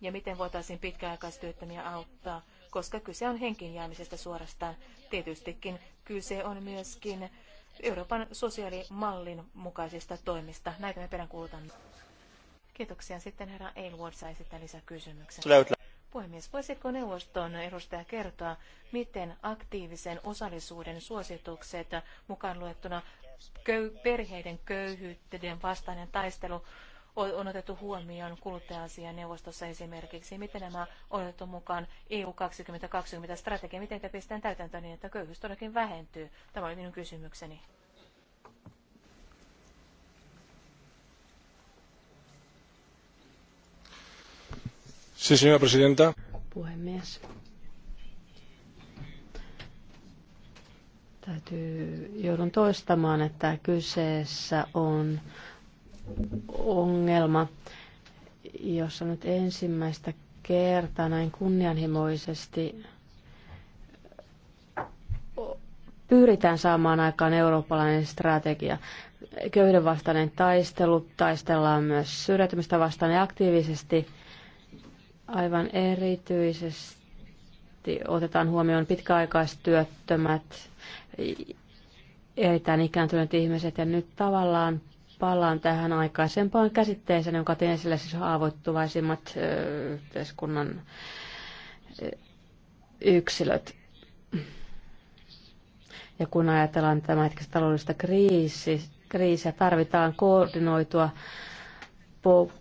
Ja miten voitaisiin pitkäaikaistyöttömiä auttaa? Koska kyse on henkin jäämisestä suorastaan. Tietystikin kyse on myöskin Euroopan sosiaalimallin mukaisista toimista. Näitä me peräänkuulutamme. Kiitoksia. Sitten herra Aylward sai sitten lisäkysymyksen. Puhemies, voisitko neuvoston edustaja kertoa, miten aktiivisen osallisuuden suositukset mukaan luettuna perheiden köyhyyden vastainen taistelu on otettu huomioon kuluttaja neuvostossa esimerkiksi. Miten nämä on otettu mukaan EU 2020 strategia, miten te pistetään täytäntöön niin, että köyhyys todellakin vähentyy? Tämä oli minun kysymykseni. Sí, señora presidenta. Puhemies. Täytyy, joudun toistamaan, että kyseessä on ongelma, jossa nyt ensimmäistä kertaa näin kunnianhimoisesti pyritään saamaan aikaan eurooppalainen strategia. Köyden vastainen taistelu, taistellaan myös syrjäytymistä vastaan ja aktiivisesti aivan erityisesti otetaan huomioon pitkäaikaistyöttömät erittäin ikääntyneet ihmiset. Ja nyt tavallaan palaan tähän aikaisempaan käsitteeseen, jonka tein esille siis haavoittuvaisimmat yhteiskunnan yksilöt. Ja kun ajatellaan tämänhetkistä taloudellista kriisiä, kriisiä, tarvitaan koordinoitua po-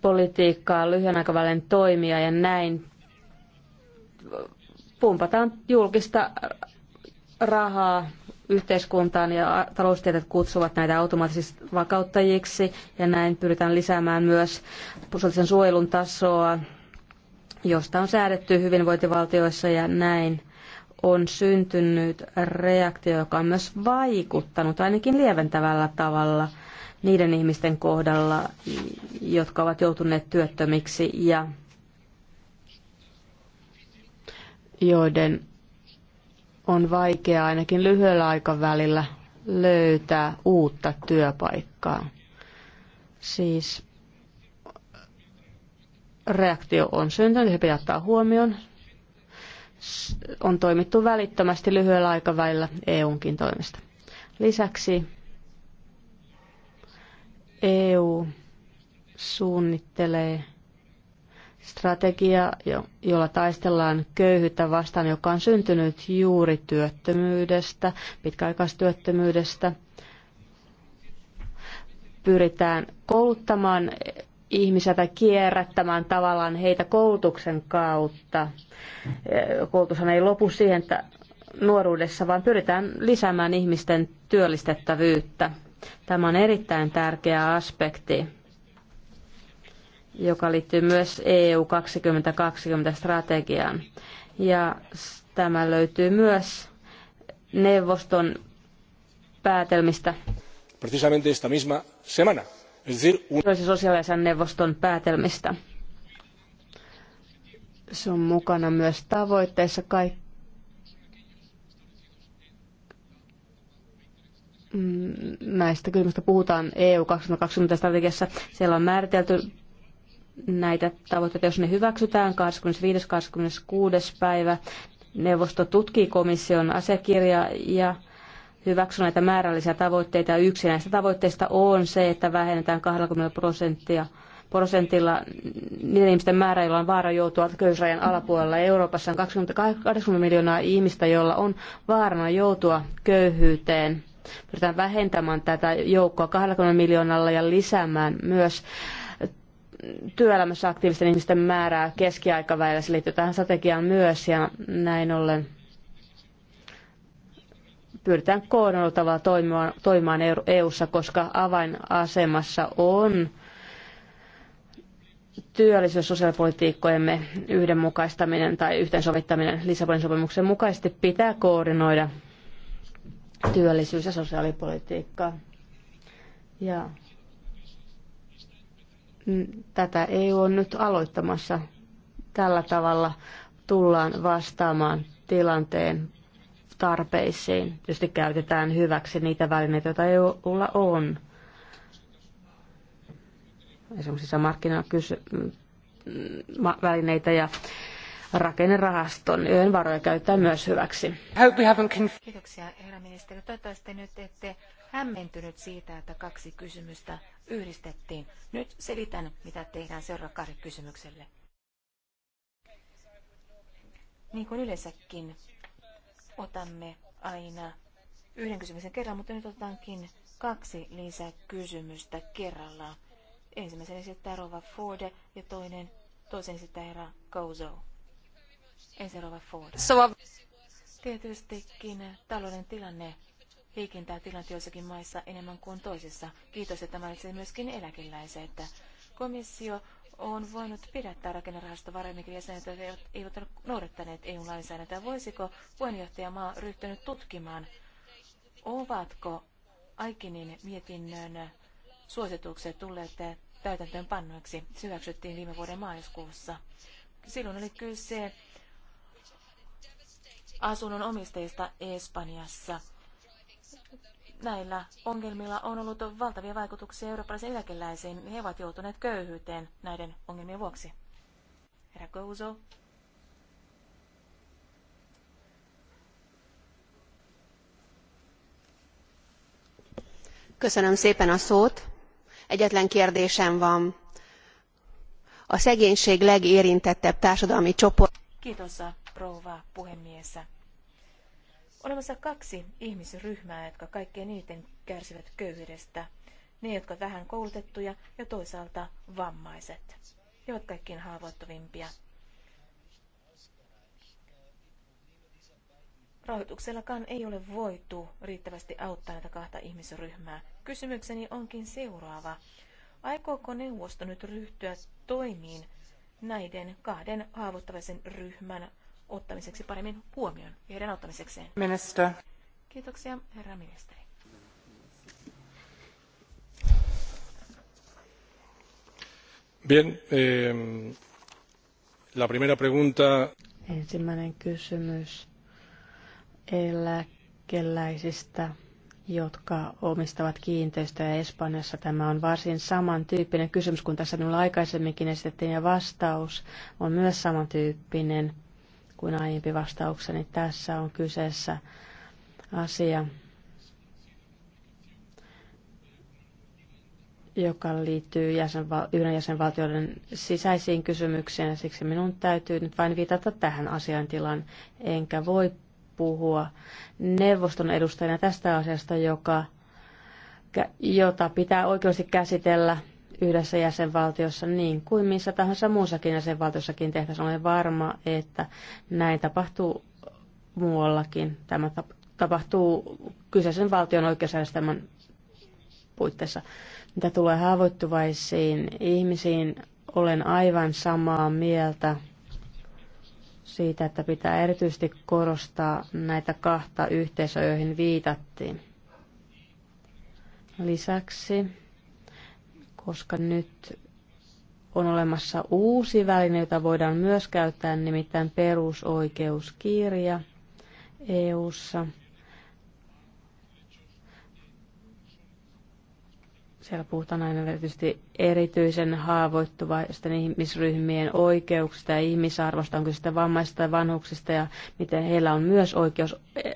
politiikkaa, lyhyen aikavälin toimia ja näin pumpataan julkista rahaa yhteiskuntaan ja taloustieteet kutsuvat näitä automaattisiksi vakauttajiksi ja näin pyritään lisäämään myös sosiaalisen suojelun tasoa, josta on säädetty hyvinvointivaltioissa ja näin on syntynyt reaktio, joka on myös vaikuttanut ainakin lieventävällä tavalla niiden ihmisten kohdalla, jotka ovat joutuneet työttömiksi ja joiden on vaikea ainakin lyhyellä aikavälillä löytää uutta työpaikkaa. Siis reaktio on syntynyt, He pitää ottaa huomioon. On toimittu välittömästi lyhyellä aikavälillä EUnkin toimesta. Lisäksi EU suunnittelee strategia, jolla taistellaan köyhyyttä vastaan, joka on syntynyt juuri työttömyydestä, pitkäaikaistyöttömyydestä. Pyritään kouluttamaan ihmisiä tai kierrättämään tavallaan heitä koulutuksen kautta. Koulutushan ei lopu siihen, että nuoruudessa, vaan pyritään lisäämään ihmisten työllistettävyyttä. Tämä on erittäin tärkeä aspekti joka liittyy myös EU 2020-strategiaan. Ja tämä löytyy myös neuvoston päätelmistä. Precisamente esta misma semana. Es decir, un... sosiaalisen neuvoston päätelmistä. Se on mukana myös tavoitteissa kaikki. Mm, näistä kysymyksistä puhutaan EU 2020 strategiassa. Siellä on määritelty näitä tavoitteita, jos ne hyväksytään 25.–26. päivä. Neuvosto tutkii komission asiakirja ja hyväksyy näitä määrällisiä tavoitteita. yksi näistä tavoitteista on se, että vähennetään 20 prosenttia prosentilla niiden ihmisten määrä, joilla on vaara joutua köysrajan alapuolella. Euroopassa on 28 miljoonaa ihmistä, joilla on vaarana joutua köyhyyteen. Pyritään vähentämään tätä joukkoa 20 miljoonalla ja lisäämään myös työelämässä aktiivisten ihmisten määrää keskiaikaväellä. Se liittyy tähän strategiaan myös ja näin ollen pyritään koodalla tavalla toimimaan, toimimaan EU-ssa, koska avainasemassa on työllisyys- ja sosiaalipolitiikkojemme yhdenmukaistaminen tai yhteensovittaminen Lissabonin sopimuksen mukaisesti pitää koordinoida työllisyys- ja sosiaalipolitiikkaa. Ja Tätä EU on nyt aloittamassa. Tällä tavalla tullaan vastaamaan tilanteen tarpeisiin. Tietysti käytetään hyväksi niitä välineitä, joita EUlla on. Esimerkiksi sisämarkkinavälineitä mm, ja rakennerahaston yön varoja käytetään myös hyväksi. Kiitoksia herra ministeri. Toivottavasti nyt ette hämmentynyt siitä, että kaksi kysymystä yhdistettiin. Nyt selitän, mitä tehdään seuraavalle kysymykselle. Niin kuin yleensäkin, otamme aina yhden kysymyksen kerran, mutta nyt otankin kaksi lisää kysymystä kerrallaan. Ensimmäisen esittää Rova Ford ja toinen, toisen esittää herra Gozo. Ensin Rova Ford. Tietystikin talouden tilanne heikentää tilanteen joissakin maissa enemmän kuin toisissa. Kiitos, että mainitsit myöskin eläkeläiset. Komissio on voinut pidättää rakennerahasta mikä jäsenet, jotka eivät ole noudattaneet EU-lainsäädäntöä. Voisiko puheenjohtaja maa ryhtynyt tutkimaan, ovatko Aikinin mietinnön suositukset tulleet täytäntöön pannoiksi. Se hyväksyttiin viime vuoden maaliskuussa. Silloin oli kyse asunnon omistajista Espanjassa näillä ongelmilla on ollut valtavia vaikutuksia eurooppalaisiin eläkeläisiin. He ovat joutuneet köyhyyteen näiden ongelmien vuoksi. Herra Kouzo. Köszönöm szépen a szót. Egyetlen kérdésem van. A szegénység legérintettebb társadalmi csoport... Kiitos, rouva puhemies olemassa kaksi ihmisryhmää, jotka kaikkein eniten kärsivät köyhyydestä. Ne, jotka ovat vähän koulutettuja ja toisaalta vammaiset. He ovat kaikkein haavoittuvimpia. Rahoituksellakaan ei ole voitu riittävästi auttaa näitä kahta ihmisryhmää. Kysymykseni onkin seuraava. Aikooko neuvosto nyt ryhtyä toimiin näiden kahden haavoittavaisen ryhmän ottamiseksi paremmin huomioon ja heidän ottamisekseen? Minister. Kiitoksia, herra ministeri. Bien, eh, la primera pregunta. Ensimmäinen kysymys eläkeläisistä, jotka omistavat kiinteistöjä Espanjassa. Tämä on varsin samantyyppinen kysymys kuin tässä minulla aikaisemminkin esitettiin ja vastaus on myös samantyyppinen kuin aiempi vastaukseni. Tässä on kyseessä asia, joka liittyy jäsenval- yhden jäsenvaltioiden sisäisiin kysymyksiin, ja siksi minun täytyy nyt vain viitata tähän asiantilaan, enkä voi puhua neuvoston edustajana tästä asiasta, joka, jota pitää oikeasti käsitellä yhdessä jäsenvaltiossa niin kuin missä tahansa muussakin jäsenvaltiossakin tehtäisiin. Olen varma, että näin tapahtuu muuallakin. Tämä tapahtuu kyseisen valtion oikeusjärjestelmän puitteissa. Mitä tulee haavoittuvaisiin ihmisiin, olen aivan samaa mieltä siitä, että pitää erityisesti korostaa näitä kahta yhteisöä, joihin viitattiin. Lisäksi koska nyt on olemassa uusi väline, jota voidaan myös käyttää, nimittäin perusoikeuskirja EU:ssa. Siellä puhutaan aina erityisesti erityisen haavoittuvaisten ihmisryhmien oikeuksista ja ihmisarvosta, onko sitä vammaisista ja vanhuksista ja miten heillä on myös oikeus eh,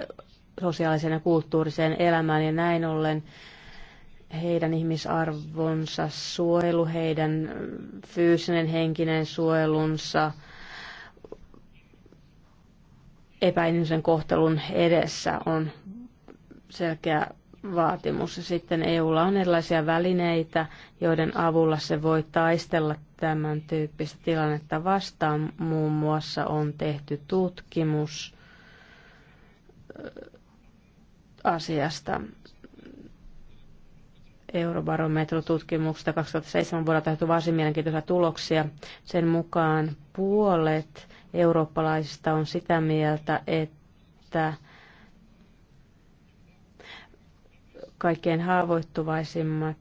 sosiaaliseen ja kulttuuriseen elämään ja näin ollen heidän ihmisarvonsa suojelu, heidän fyysinen henkinen suojelunsa epäinhimillisen kohtelun edessä on selkeä vaatimus. Sitten EUlla on erilaisia välineitä, joiden avulla se voi taistella tämän tyyppistä tilannetta vastaan. Muun muassa on tehty tutkimus asiasta Eurobarometro-tutkimuksesta 2007 vuonna tehty varsin mielenkiintoisia tuloksia. Sen mukaan puolet eurooppalaisista on sitä mieltä, että kaikkein haavoittuvaisimmat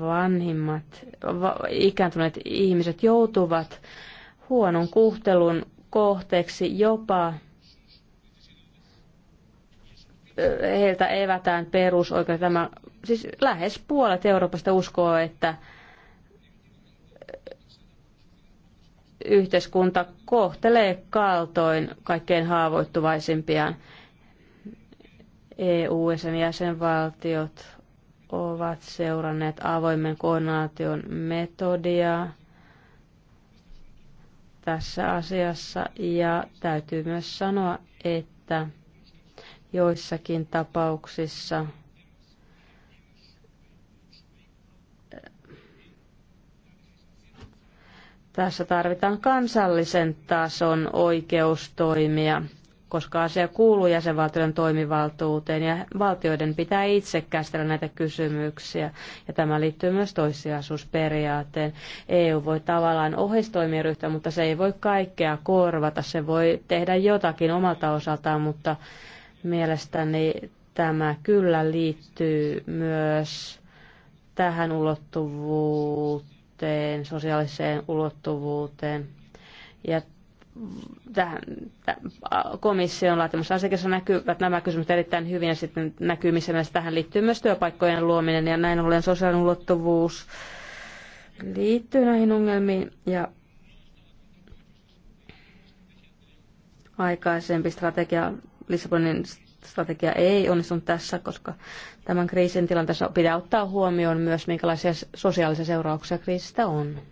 vanhimmat, ikääntyneet ihmiset joutuvat huonon kuhtelun kohteeksi jopa heiltä evätään perusoikeus. Tämä, siis lähes puolet Euroopasta uskoo, että yhteiskunta kohtelee kaltoin kaikkein haavoittuvaisimpiaan. EU ja sen jäsenvaltiot ovat seuranneet avoimen koordinaation metodia tässä asiassa ja täytyy myös sanoa, että joissakin tapauksissa Tässä tarvitaan kansallisen tason oikeustoimia, koska asia kuuluu jäsenvaltioiden toimivaltuuteen ja valtioiden pitää itse käsitellä näitä kysymyksiä. Ja tämä liittyy myös toissijaisuusperiaatteen. EU voi tavallaan ohjeistoimia ryhtyä, mutta se ei voi kaikkea korvata. Se voi tehdä jotakin omalta osaltaan, mutta Mielestäni tämä kyllä liittyy myös tähän ulottuvuuteen, sosiaaliseen ulottuvuuteen. Ja tähän, tähän komission laatimassa asiakirjassa näkyvät nämä kysymykset erittäin hyvin ja sitten näkyy, missä myös tähän liittyy myös työpaikkojen luominen ja näin ollen sosiaalinen ulottuvuus liittyy näihin ongelmiin ja aikaisempi strategia Lissabonin strategia ei onnistunut tässä, koska tämän kriisin tilanteessa pitää ottaa huomioon myös, minkälaisia sosiaalisia seurauksia kriisistä on.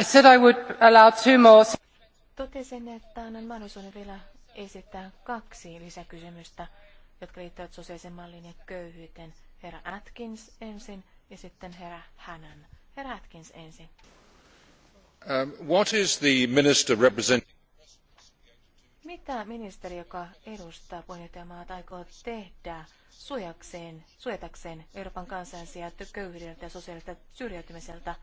I said I would allow two more. Totesin, että annan mahdollisuuden vielä esittää kaksi lisäkysymystä, jotka liittyvät sosiaalisen mallin ja köyhyyteen. Herra Atkins ensin ja sitten herra Hannan. Herra Atkins ensin. Um, what is the minister representing? Mitä ministeri, joka edustaa puheenjohtajamaata, aikoo tehdä suojakseen, suojatakseen Euroopan kansalaisia köyhyydeltä ja sosiaalista syrjäytymiseltä,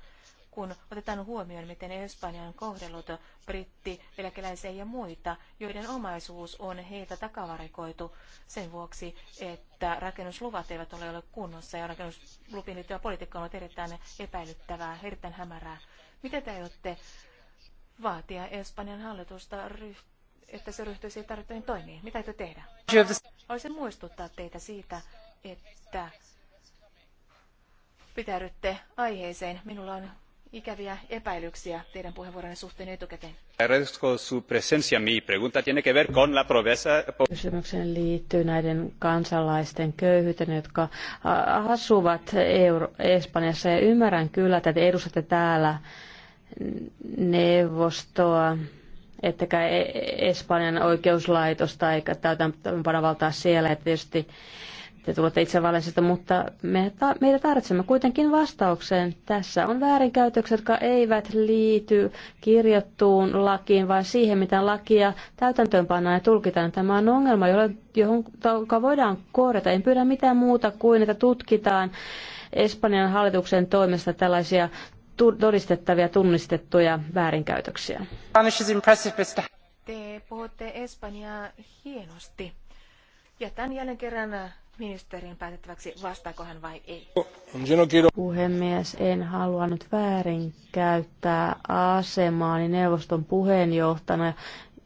kun otetaan huomioon, miten Espanja on kohdellut britti, eläkeläisiä ja muita, joiden omaisuus on heiltä takavarikoitu sen vuoksi, että rakennusluvat eivät ole olleet kunnossa ja rakennuslupiin liittyvä politiikka on ollut erittäin epäilyttävää, erittäin hämärää. Mitä te aiotte vaatia Espanjan hallitusta ryhtyä? että se ryhtyisi tarvittaviin toimiin. Mitä te tehdä? Haluaisin muistuttaa teitä siitä, että pitäydytte aiheeseen. Minulla on ikäviä epäilyksiä teidän puheenvuoronne suhteen etukäteen. Kysymykseen liittyy näiden kansalaisten köyhyyteen, jotka asuvat Euro- Espanjassa. Ja ymmärrän kyllä, että te edustatte täällä neuvostoa ettekä e- Espanjan oikeuslaitosta eikä täytäntöönpanovaltaa siellä. Että tietysti te tulette itse valensista, mutta me ta- meitä tarvitsemme kuitenkin vastaukseen. Tässä on väärinkäytökset, jotka eivät liity kirjattuun lakiin, vaan siihen, mitä lakia täytäntöönpannaan ja tulkitaan. Tämä on ongelma, johon, joka voidaan korjata. En pyydä mitään muuta kuin, että tutkitaan Espanjan hallituksen toimesta tällaisia todistettavia tunnistettuja väärinkäytöksiä. Te puhutte Espanjaa hienosti. Jätän jälleen kerran ministerin päätettäväksi, vastaako hän vai ei. No Puhemies, en halua nyt väärinkäyttää asemaani neuvoston puheenjohtajana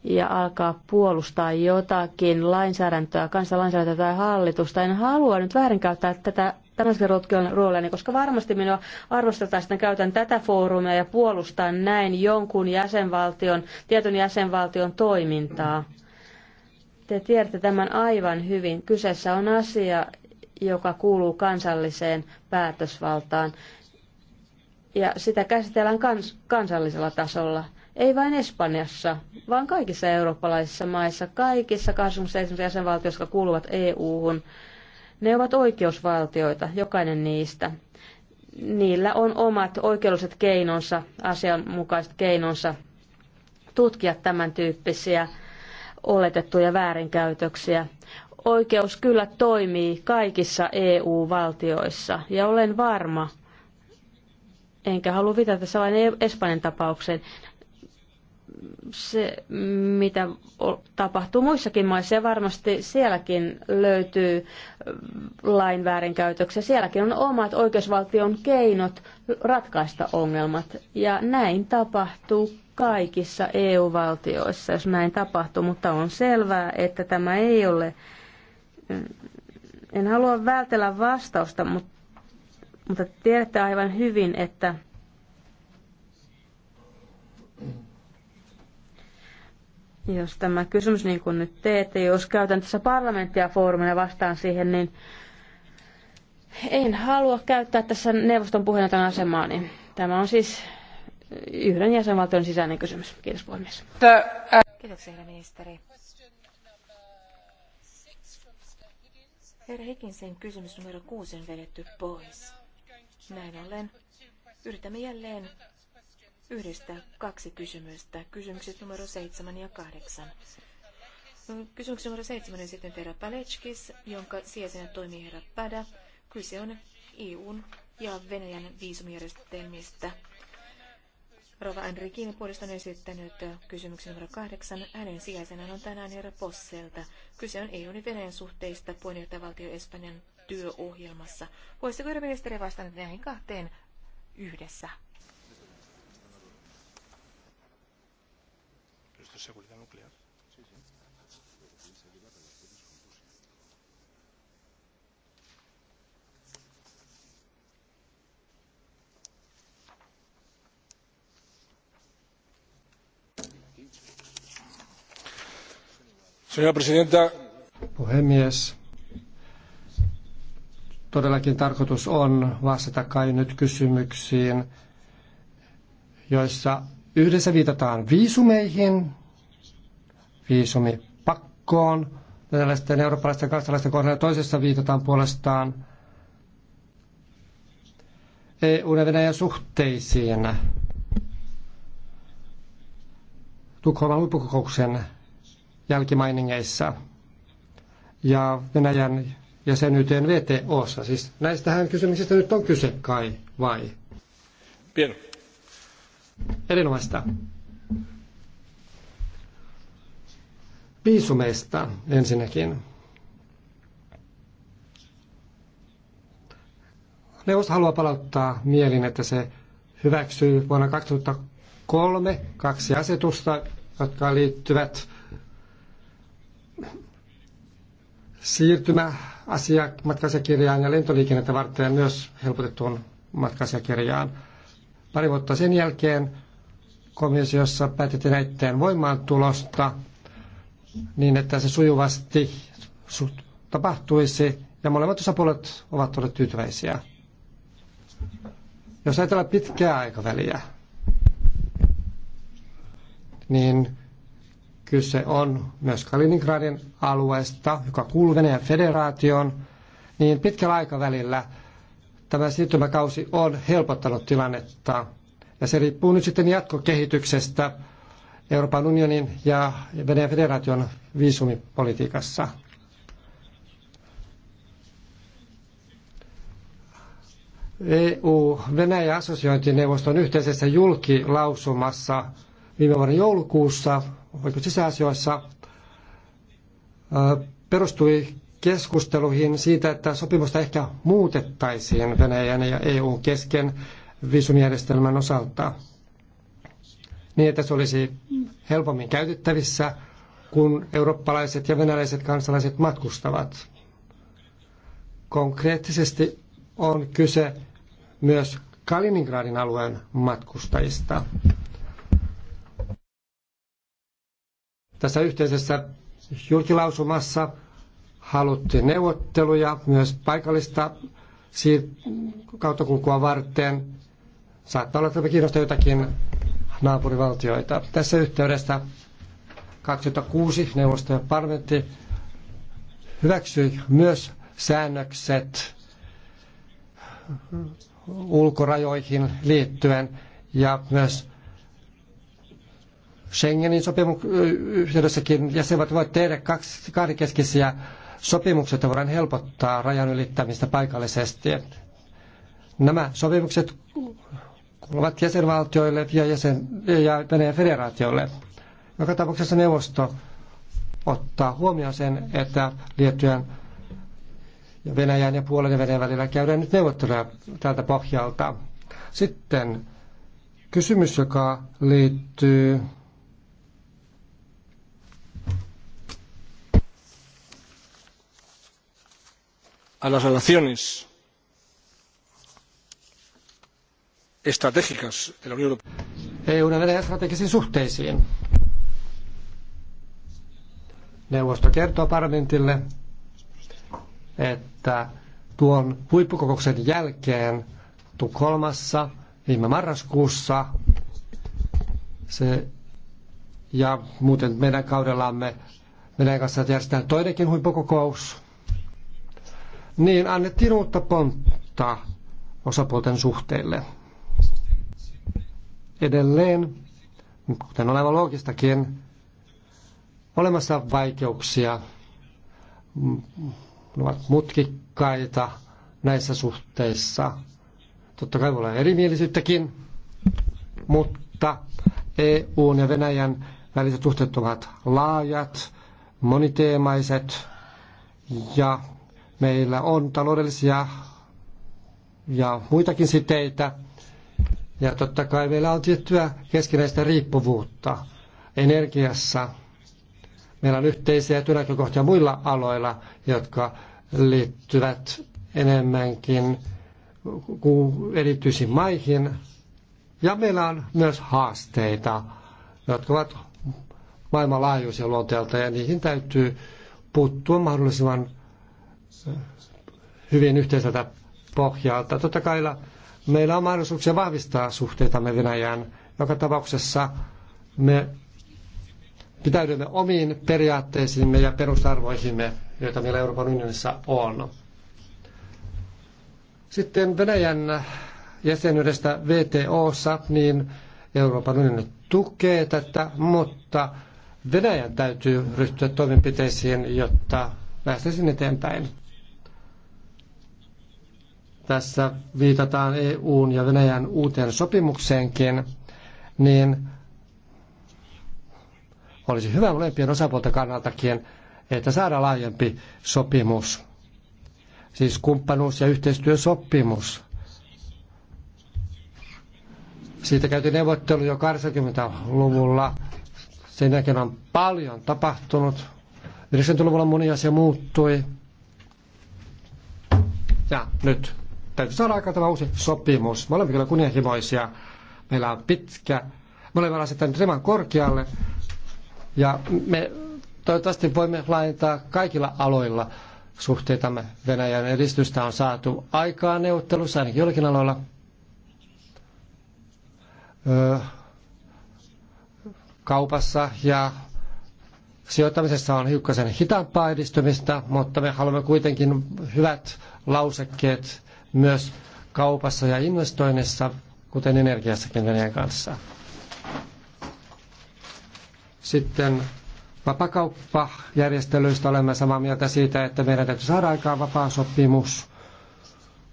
ja alkaa puolustaa jotakin lainsäädäntöä, kansanlainsäädäntöä tai hallitusta. En halua nyt väärinkäyttää tätä tämmöisen rotkion rooleni, koska varmasti minua arvostetaan että käytän tätä foorumia ja puolustan näin jonkun jäsenvaltion, tietyn jäsenvaltion toimintaa. Te tiedätte tämän aivan hyvin. Kyseessä on asia, joka kuuluu kansalliseen päätösvaltaan. Ja sitä käsitellään kans- kansallisella tasolla. Ei vain Espanjassa, vaan kaikissa eurooppalaisissa maissa, kaikissa 27 jäsenvaltioissa, jotka kuuluvat EU-hun. Ne ovat oikeusvaltioita, jokainen niistä. Niillä on omat oikeudelliset keinonsa, asianmukaiset keinonsa tutkia tämän tyyppisiä oletettuja väärinkäytöksiä. Oikeus kyllä toimii kaikissa EU-valtioissa ja olen varma, enkä halua viitata tässä vain e- Espanjan tapaukseen se, mitä tapahtuu muissakin maissa, ja varmasti sielläkin löytyy lain väärinkäytöksiä. Sielläkin on omat oikeusvaltion keinot ratkaista ongelmat, ja näin tapahtuu kaikissa EU-valtioissa, jos näin tapahtuu, mutta on selvää, että tämä ei ole... En halua vältellä vastausta, mutta, mutta tiedätte aivan hyvin, että Jos tämä kysymys niin kuin nyt teette, jos käytän tässä parlamenttia foorumina vastaan siihen, niin en halua käyttää tässä neuvoston puheenjohtajan asemaa, niin tämä on siis yhden jäsenvaltion sisäinen kysymys. Kiitos puhemies. Kiitoksia, herra ministeri. Herra Higginsen kysymys numero kuusi on vedetty pois. Näin ollen yritämme jälleen yhdestä kaksi kysymystä. Kysymykset numero seitsemän ja kahdeksan. Kysymys numero seitsemän on sitten herra Palechkis, jonka sijaisena toimii herra Pädä. Kyse on EUn ja Venäjän viisumijärjestelmistä. Rova Enrikin puolesta on esittänyt kysymyksen numero kahdeksan. Hänen sijaisenaan on tänään herra Posselta. Kyse on EUn ja Venäjän suhteista puheenjohtajavaltio Espanjan työohjelmassa. Voisiko herra ministeri vastata näihin kahteen yhdessä de seguridad nuclear. Señora presidenta. Puhemies. Todellakin tarkoitus on vastata kai nyt kysymyksiin, joissa yhdessä viitataan viisumeihin, viisumi pakkoon tällaisten eurooppalaisten kansalaisten kohdalla. Toisessa viitataan puolestaan EU- ja Venäjän suhteisiin. Tukholman huippukokouksen jälkimainingeissa ja Venäjän jäsenyyteen VTOssa. Siis näistähän kysymyksistä nyt on kyse kai, vai? Bien. Erinomaista. viisumeista ensinnäkin. Neuvosto haluaa palauttaa mielin, että se hyväksyy vuonna 2003 kaksi asetusta, jotka liittyvät siirtymäasia matkaisekirjaan ja lentoliikennettä varten ja myös helpotettuun matkaisekirjaan. Pari vuotta sen jälkeen komissiossa päätettiin näiden voimaantulosta niin, että se sujuvasti tapahtuisi ja molemmat osapuolet ovat olleet tyytyväisiä. Jos ajatellaan pitkää aikaväliä, niin kyse on myös Kaliningradin alueesta, joka kuuluu Venäjän federaation, niin pitkällä aikavälillä tämä siirtymäkausi on helpottanut tilannetta. Ja se riippuu nyt sitten jatkokehityksestä, Euroopan unionin ja Venäjän federaation viisumipolitiikassa. EU-Venäjä-assosiointineuvoston yhteisessä julkilausumassa viime vuoden joulukuussa, oliko sisäasioissa, perustui keskusteluihin siitä, että sopimusta ehkä muutettaisiin Venäjän ja EUn kesken viisumijärjestelmän osalta niin, että se olisi helpommin käytettävissä, kun eurooppalaiset ja venäläiset kansalaiset matkustavat. Konkreettisesti on kyse myös Kaliningradin alueen matkustajista. Tässä yhteisessä julkilausumassa haluttiin neuvotteluja myös paikallista siir- kauttakulkua varten. Saattaa olla, että kiinnostaa jotakin naapurivaltioita. Tässä yhteydessä 2006 neuvosto ja parlamentti hyväksyi myös säännökset ulkorajoihin liittyen ja myös Schengenin sopimuksessakin ja jäsenvaltiot voivat tehdä kaksi, kahdenkeskisiä sopimuksia, joita voidaan helpottaa rajan ylittämistä paikallisesti. Nämä sopimukset kuuluvat jäsenvaltioille ja, jäsen, ja Venäjän federaatiolle. Joka tapauksessa neuvosto ottaa huomioon sen, että Liettyjän ja Venäjän ja Puolen ja Venäjän välillä käydään nyt neuvotteluja tältä pohjalta. Sitten kysymys, joka liittyy a las relaciones estratégicas de la Unión Europea. EUn ja strategisiin suhteisiin. Neuvosto kertoo parlamentille, että tuon huippukokouksen jälkeen Tukholmassa viime marraskuussa se, ja muuten meidän kaudellamme Venäjän kanssa järjestetään toinenkin huippukokous, niin annettiin uutta pontta osapuolten suhteille. Edelleen, kuten on aivan loogistakin, olemassa vaikeuksia, ne ovat mutkikkaita näissä suhteissa. Totta kai voi olla erimielisyyttäkin, mutta EUn ja Venäjän väliset suhteet ovat laajat, moniteemaiset ja meillä on taloudellisia ja muitakin siteitä – ja totta kai meillä on tiettyä keskinäistä riippuvuutta energiassa. Meillä on yhteisiä työnäkökohtia muilla aloilla, jotka liittyvät enemmänkin erityisiin maihin. Ja meillä on myös haasteita, jotka ovat maailmanlaajuisia luonteelta ja niihin täytyy puuttua mahdollisimman hyvin yhteiseltä pohjalta. Totta kai meillä on mahdollisuuksia vahvistaa suhteitamme Venäjään. Joka tapauksessa me pitäydymme omiin periaatteisiimme ja perusarvoihimme, joita meillä Euroopan unionissa on. Sitten Venäjän jäsenyydestä VTOssa, niin Euroopan unioni tukee tätä, mutta Venäjän täytyy ryhtyä toimenpiteisiin, jotta päästäisiin eteenpäin tässä viitataan EUn ja Venäjän uuteen sopimukseenkin, niin olisi hyvä molempien osapuolten kannaltakin, että saadaan laajempi sopimus, siis kumppanuus- ja yhteistyösopimus. Siitä käytiin neuvottelu jo 80-luvulla. Sen jälkeen on paljon tapahtunut. 90-luvulla moni asia muuttui. Ja nyt Täytyy saada aikaan tämä uusi sopimus. Me olemme kyllä kunnianhimoisia. Meillä on pitkä. Me olemme asettaneet riman korkealle. Ja me toivottavasti voimme laajentaa kaikilla aloilla suhteitamme Venäjän edistystä on saatu aikaa neuvottelussa ainakin jollakin aloilla. Öö, kaupassa ja sijoittamisessa on hiukkasen hitaampaa edistymistä, mutta me haluamme kuitenkin hyvät lausekkeet myös kaupassa ja investoinnissa, kuten energiassakin Venäjän kanssa. Sitten vapakauppajärjestelyistä olemme samaa mieltä siitä, että meidän täytyy saada aikaan vapaa sopimus,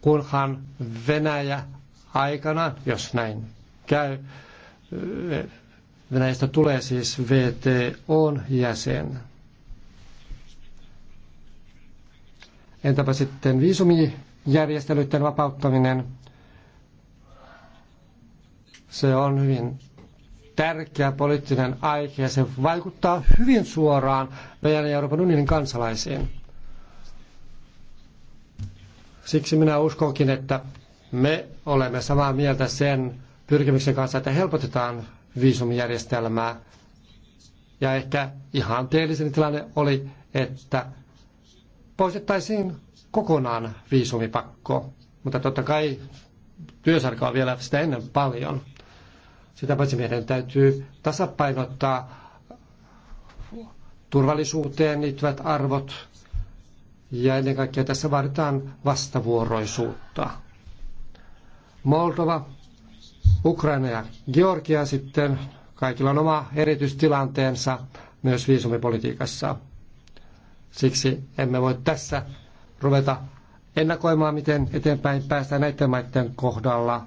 kunhan Venäjä aikana, jos näin käy, Venäjästä tulee siis VTOn jäsen. Entäpä sitten viisumi järjestelyiden vapauttaminen. Se on hyvin tärkeä poliittinen aihe ja se vaikuttaa hyvin suoraan meidän ja Euroopan unionin kansalaisiin. Siksi minä uskonkin, että me olemme samaa mieltä sen pyrkimyksen kanssa, että helpotetaan viisumijärjestelmää. Ja ehkä teellisen tilanne oli, että poistettaisiin kokonaan viisumipakko, mutta totta kai työsarkaa vielä sitä ennen paljon. Sitä paitsi meidän täytyy tasapainottaa turvallisuuteen liittyvät arvot ja ennen kaikkea tässä vaaditaan vastavuoroisuutta. Moldova, Ukraina ja Georgia sitten, kaikilla on oma erityistilanteensa myös viisumipolitiikassa. Siksi emme voi tässä ruveta ennakoimaan, miten eteenpäin päästään näiden maiden kohdalla,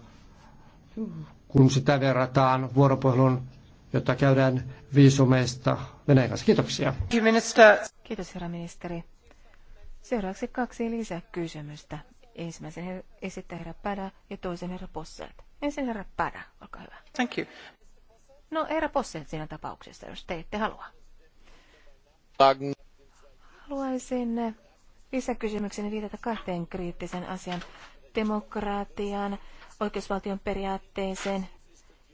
kun sitä verrataan vuoropuhelun, jota käydään viisumeista Venäjän kanssa. Kiitoksia. Kiitos, herra ministeri. Seuraavaksi kaksi lisäkysymystä. Ensimmäisen her- esittää herra Pädä ja toisen herra Posselt. Ensin herra Pädä, olkaa hyvä. Thank you. No herra Posselt siinä tapauksessa, jos te ette halua. Haluaisin Lisäkysymykseni viitata kahteen kriittisen asian, demokraatiaan, oikeusvaltion periaatteeseen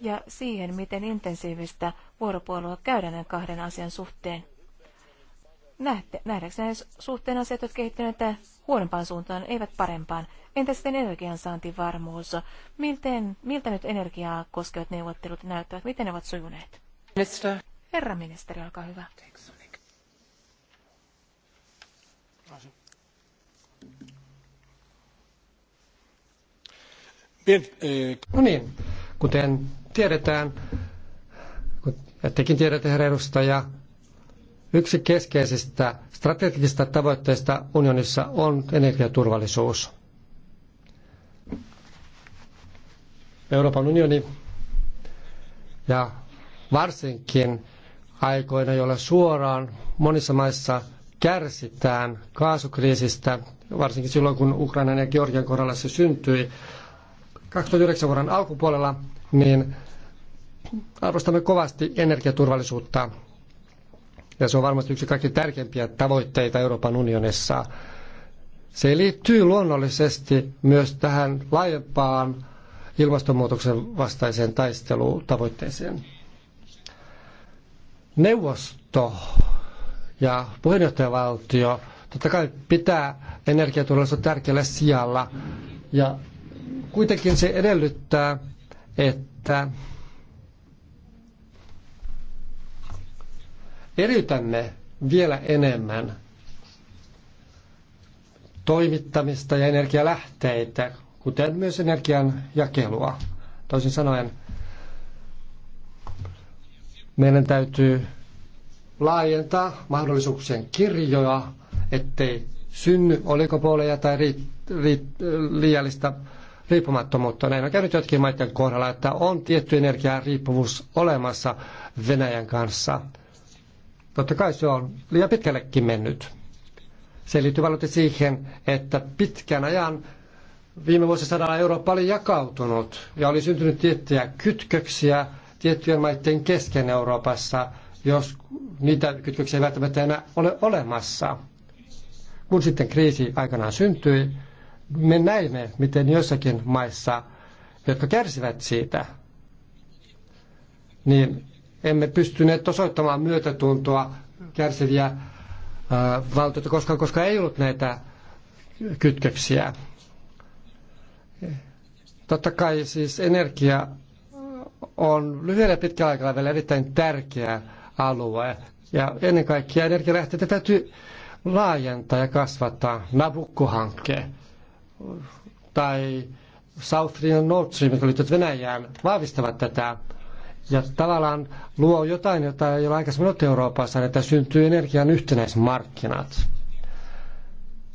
ja siihen, miten intensiivistä vuoropuolua käydään näiden kahden asian suhteen. Nähte, nähdäkseni suhteen asiat ovat kehittyneet huonompaan suuntaan, eivät parempaan. Entä sitten energiansaantivarmuus? Milten, miltä nyt energiaa koskevat neuvottelut näyttävät? Miten ne ovat sujuneet? Minister. Herra ministeri, olkaa hyvä. Thanks. Eh, no niin, kuten tiedetään, ettekin tiedätte, herra edustaja, yksi keskeisistä strategisista tavoitteista unionissa on energiaturvallisuus. Euroopan unioni ja varsinkin aikoina, joilla suoraan monissa maissa kärsitään kaasukriisistä, varsinkin silloin kun Ukrainan ja Georgian kohdalla se syntyi, 2009 vuoden alkupuolella, niin arvostamme kovasti energiaturvallisuutta. Ja se on varmasti yksi kaikki tärkeimpiä tavoitteita Euroopan unionissa. Se liittyy luonnollisesti myös tähän laajempaan ilmastonmuutoksen vastaiseen taistelutavoitteeseen. Neuvosto ja puheenjohtajavaltio totta kai pitää energiaturvallisuutta tärkeällä sijalla ja kuitenkin se edellyttää, että eriytämme vielä enemmän toimittamista ja energialähteitä, kuten myös energian jakelua. Toisin sanoen, meidän täytyy laajentaa mahdollisuuksien kirjoja, ettei synny oligopoleja tai riit, riit, liiallista riippumattomuutta. Näin on käynyt jotkin maiden kohdalla, että on tietty energiariippuvuus olemassa Venäjän kanssa. Totta kai se on liian pitkällekin mennyt. Se liittyy valitettavasti siihen, että pitkän ajan viime vuosisadalla Eurooppa oli jakautunut ja oli syntynyt tiettyjä kytköksiä tiettyjen maiden kesken Euroopassa, jos niitä kytköksiä ei välttämättä enää ole olemassa. Kun sitten kriisi aikanaan syntyi, me näimme, miten joissakin maissa, jotka kärsivät siitä, niin emme pystyneet osoittamaan myötätuntoa kärsiviä valtioita koska, koska ei ollut näitä kytköksiä. Totta kai siis energia on lyhyellä ja pitkällä aikavälillä erittäin tärkeä alue. Ja ennen kaikkea energialähteitä täytyy laajentaa ja kasvattaa. nabukku hankkeen tai South Stream ja Nord Stream, jotka liittyvät Venäjään, vahvistavat tätä ja tavallaan luo jotain, jota ei ole aikaisemmin ollut Euroopassa, että syntyy energian yhtenäismarkkinat.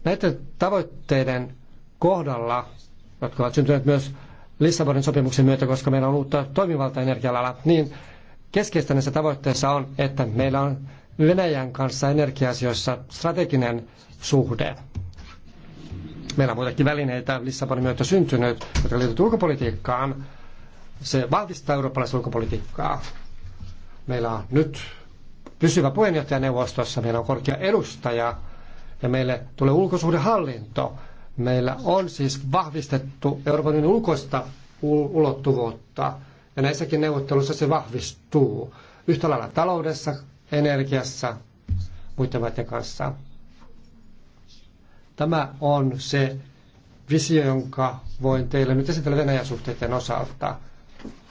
Näiden tavoitteiden kohdalla, jotka ovat syntyneet myös Lissabonin sopimuksen myötä, koska meillä on uutta toimivalta energialalla, niin keskeistä näissä tavoitteissa on, että meillä on Venäjän kanssa energia strateginen suhde. Meillä on muitakin välineitä Lissabonin myötä syntynyt, jotka liittyvät ulkopolitiikkaan. Se vahvistaa eurooppalaista ulkopolitiikkaa. Meillä on nyt pysyvä puheenjohtaja neuvostossa, meillä on korkea edustaja ja meille tulee ulkosuhdehallinto. Meillä on siis vahvistettu Euroopan unionin ulkoista ulottuvuutta ja näissäkin neuvotteluissa se vahvistuu yhtä lailla taloudessa, energiassa, muiden maiden kanssa. Tämä on se visio, jonka voin teille nyt esitellä Venäjän suhteiden osalta.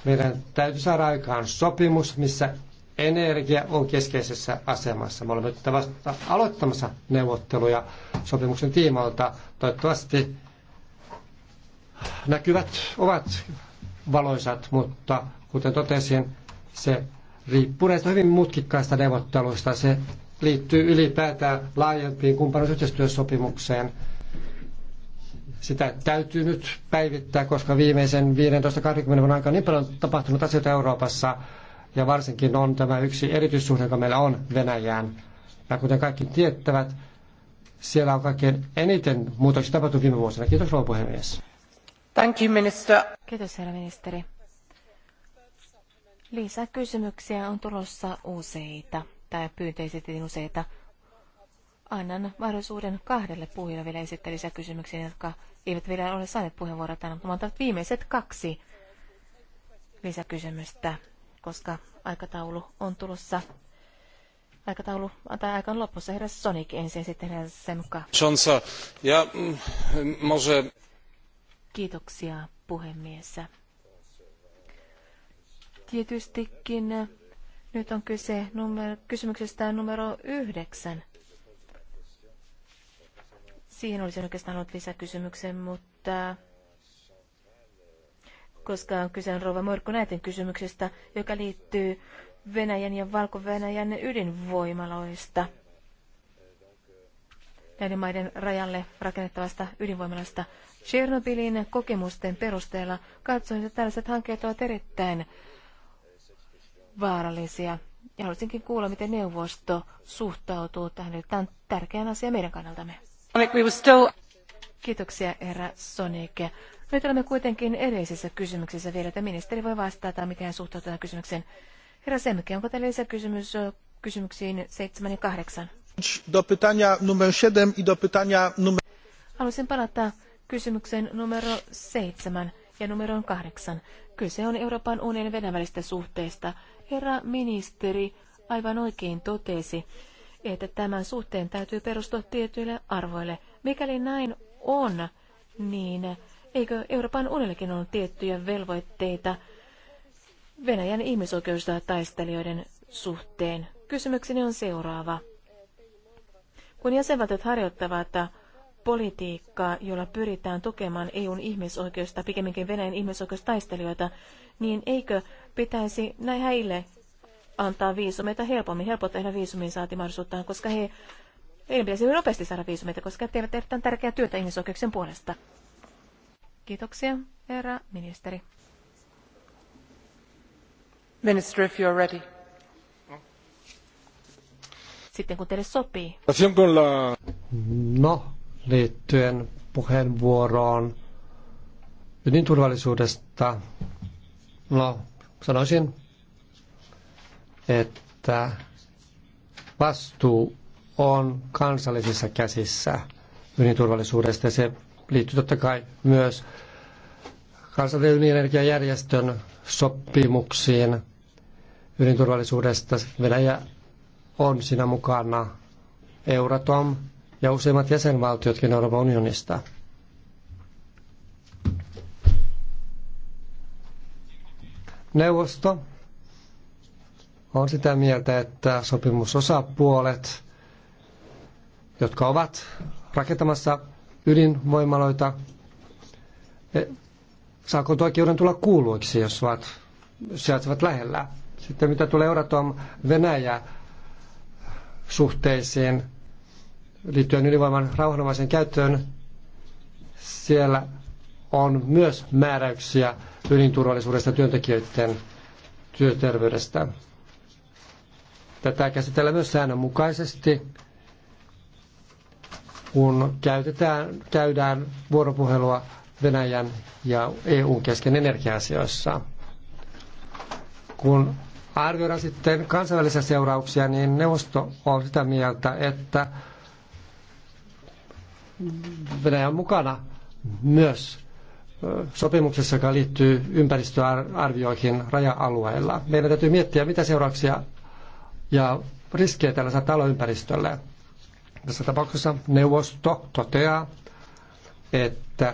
Meidän täytyy saada aikaan sopimus, missä energia on keskeisessä asemassa. Me olemme vasta aloittamassa neuvotteluja sopimuksen tiimoilta. Toivottavasti näkyvät ovat valoisat, mutta kuten totesin, se riippuu näistä hyvin mutkikkaista neuvotteluista. Se liittyy ylipäätään laajempiin kumppanuusyhteistyösopimukseen. Sitä täytyy nyt päivittää, koska viimeisen 15-20 vuoden aikana niin paljon on tapahtunut asioita Euroopassa, ja varsinkin on tämä yksi erityissuhde, joka meillä on Venäjään. Ja kuten kaikki tietävät, siellä on kaikkein eniten muutoksia tapahtunut viime vuosina. Kiitos, rouva puhemies. Thank you, minister. Kiitos, herra ministeri. Lisäkysymyksiä on tulossa useita tai pyynteisesti useita. Annan mahdollisuuden kahdelle puhujalle vielä esittää lisäkysymyksiä, jotka eivät vielä ole saaneet puheenvuoroa tänään, mutta otan viimeiset kaksi lisäkysymystä, koska aikataulu on tulossa. Aikataulu tai aika on lopussa. Herra Sonic ensin sitten herra Semka. Johnsa, ja mm, może... Kiitoksia puhemies. Tietystikin nyt on kyse numero, kysymyksestä numero yhdeksän. Siihen olisi oikeastaan ollut lisäkysymyksen, mutta koska on kyse Rova Morkko näiden kysymyksestä, joka liittyy Venäjän ja Valko-Venäjän ydinvoimaloista. Näiden maiden rajalle rakennettavasta ydinvoimalasta. Chernobylin kokemusten perusteella katsoin, että tällaiset hankkeet ovat erittäin vaarallisia. Ja haluaisinkin kuulla, miten neuvosto suhtautuu tähän. Tämä on tärkeän asia meidän kannaltamme. Kiitoksia, herra Sonic. Nyt olemme kuitenkin edellisessä kysymyksessä vielä, että ministeri voi vastata, miten hän suhtautuu tähän kysymykseen. Herra Semke, onko teillä lisäkysymys kysymyksiin 7 ja 8? Do pytania numer 7 i do pytania numer... Haluaisin palata kysymykseen numero 7 ja numero 8. Kyse on Euroopan unionin Venäjän välistä suhteista Herra ministeri aivan oikein totesi, että tämän suhteen täytyy perustua tietyille arvoille. Mikäli näin on, niin eikö Euroopan unionillekin ole tiettyjä velvoitteita Venäjän ihmisoikeudesta taistelijoiden suhteen? Kysymykseni on seuraava. Kun jäsenvaltiot harjoittavat politiikkaa, jolla pyritään tukemaan EUn ihmisoikeusta, pikemminkin Venäjän ihmisoikeustaistelijoita, niin eikö pitäisi näin heille antaa viisumeita helpommin, helpottaa heidän viisumin saantimahdollisuuttaan, koska he ei pitäisi nopeasti saada viisumeita, koska he tekevät erittäin tärkeää työtä ihmisoikeuksien puolesta. Kiitoksia, herra ministeri. Minister, if you're ready. Sitten kun teille sopii. No, liittyen puheenvuoroon ydinturvallisuudesta. No, sanoisin, että vastuu on kansallisissa käsissä ydinturvallisuudesta ja se liittyy totta kai myös kansallisen ydinenergiajärjestön sopimuksiin ydinturvallisuudesta. Venäjä on siinä mukana. Euratom ja useimmat jäsenvaltiotkin Euroopan unionista. Neuvosto on sitä mieltä, että sopimusosapuolet, jotka ovat rakentamassa ydinvoimaloita, e, saako oikeuden tulla kuuluiksi, jos ovat, sijaitsevat lähellä. Sitten mitä tulee Euratom Venäjä suhteisiin, liittyen ylivoiman rauhanomaisen käyttöön, siellä on myös määräyksiä ydinturvallisuudesta työntekijöiden työterveydestä. Tätä käsitellään myös säännönmukaisesti, kun käytetään, käydään vuoropuhelua Venäjän ja EUn kesken energia-asioissa. Kun arvioidaan sitten kansainvälisiä seurauksia, niin neuvosto on sitä mieltä, että Venäjä on mukana myös sopimuksessa, joka liittyy ympäristöarvioihin raja-alueilla. Meidän täytyy miettiä, mitä seurauksia ja riskejä tällä saattaa olla ympäristölle. Tässä tapauksessa neuvosto toteaa, että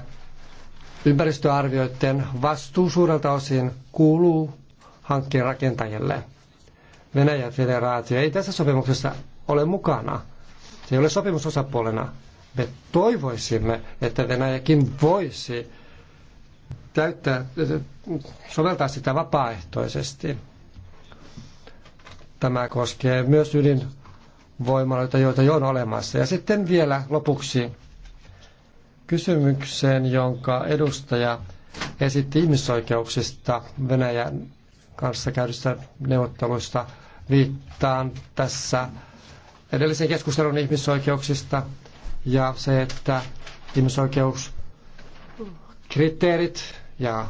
ympäristöarvioiden vastuu suurelta osin kuuluu hankkeen rakentajille. Venäjän federaatio ei tässä sopimuksessa ole mukana. Se ei ole sopimusosapuolena. Me toivoisimme, että Venäjäkin voisi täyttää, soveltaa sitä vapaaehtoisesti. Tämä koskee myös ydinvoimaloita, joita jo on olemassa. Ja sitten vielä lopuksi kysymykseen, jonka edustaja esitti ihmisoikeuksista Venäjän kanssa käydyssä neuvotteluista. Viittaan tässä edellisen keskustelun ihmisoikeuksista ja se, että ihmisoikeuskriteerit ja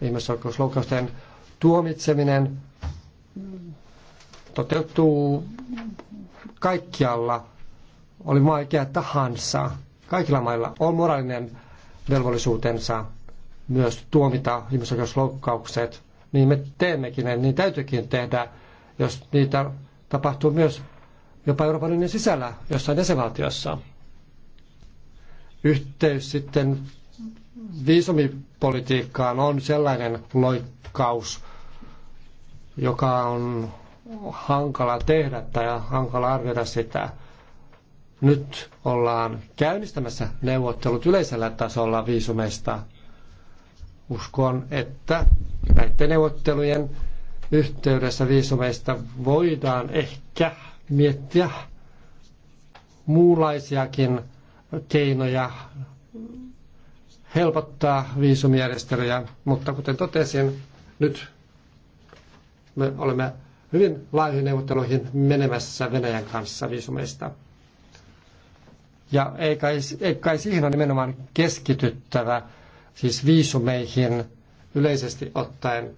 ihmisoikeusloukkausten tuomitseminen toteutuu kaikkialla, oli vaikea tahansa. Kaikilla mailla on moraalinen velvollisuutensa myös tuomita ihmisoikeusloukkaukset, niin me teemmekin ne, niin täytyykin tehdä, jos niitä tapahtuu myös jopa Euroopan unionin sisällä jossain jäsenvaltiossa yhteys sitten viisumipolitiikkaan on sellainen loikkaus, joka on hankala tehdä tai hankala arvioida sitä. Nyt ollaan käynnistämässä neuvottelut yleisellä tasolla viisumeista. Uskon, että näiden neuvottelujen yhteydessä viisumeista voidaan ehkä miettiä muunlaisiakin keinoja helpottaa viisumijärjestelyjä, mutta kuten totesin, nyt me olemme hyvin laajoihin neuvotteluihin menemässä Venäjän kanssa viisumeista. Ja ei kai, ei kai siihen ole nimenomaan keskityttävä, siis viisumeihin yleisesti ottaen,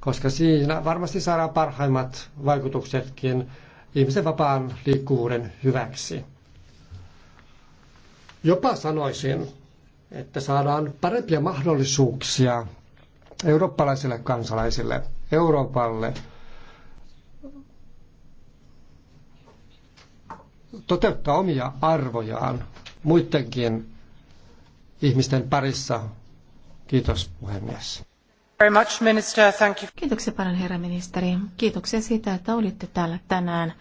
koska siinä varmasti saadaan parhaimmat vaikutuksetkin ihmisen vapaan liikkuvuuden hyväksi. Jopa sanoisin, että saadaan parempia mahdollisuuksia eurooppalaisille kansalaisille, Euroopalle, toteuttaa omia arvojaan muidenkin ihmisten parissa. Kiitos puhemies. Kiitoksia paljon herra ministeri. Kiitoksia siitä, että olitte täällä tänään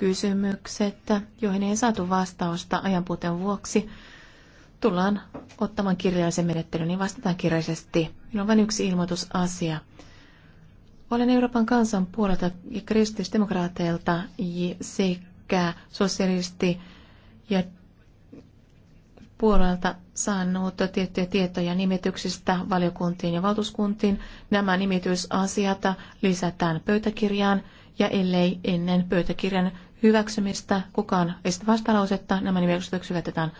kysymykset, joihin ei saatu vastausta ajanpuuteen vuoksi, tullaan ottamaan kirjallisen menettelyn, niin vastataan kirjallisesti. Minulla on vain yksi ilmoitusasia. Olen Euroopan kansan puolelta ja kristillisdemokraateilta sekä sosialisti ja puolelta saanut tiettyjä tietoja nimityksistä valiokuntiin ja valtuuskuntiin. Nämä nimitysasiat lisätään pöytäkirjaan ja ellei ennen pöytäkirjan hyväksymistä. Kukaan ei sitä vastalausetta. Nämä nimitykset hyvätetään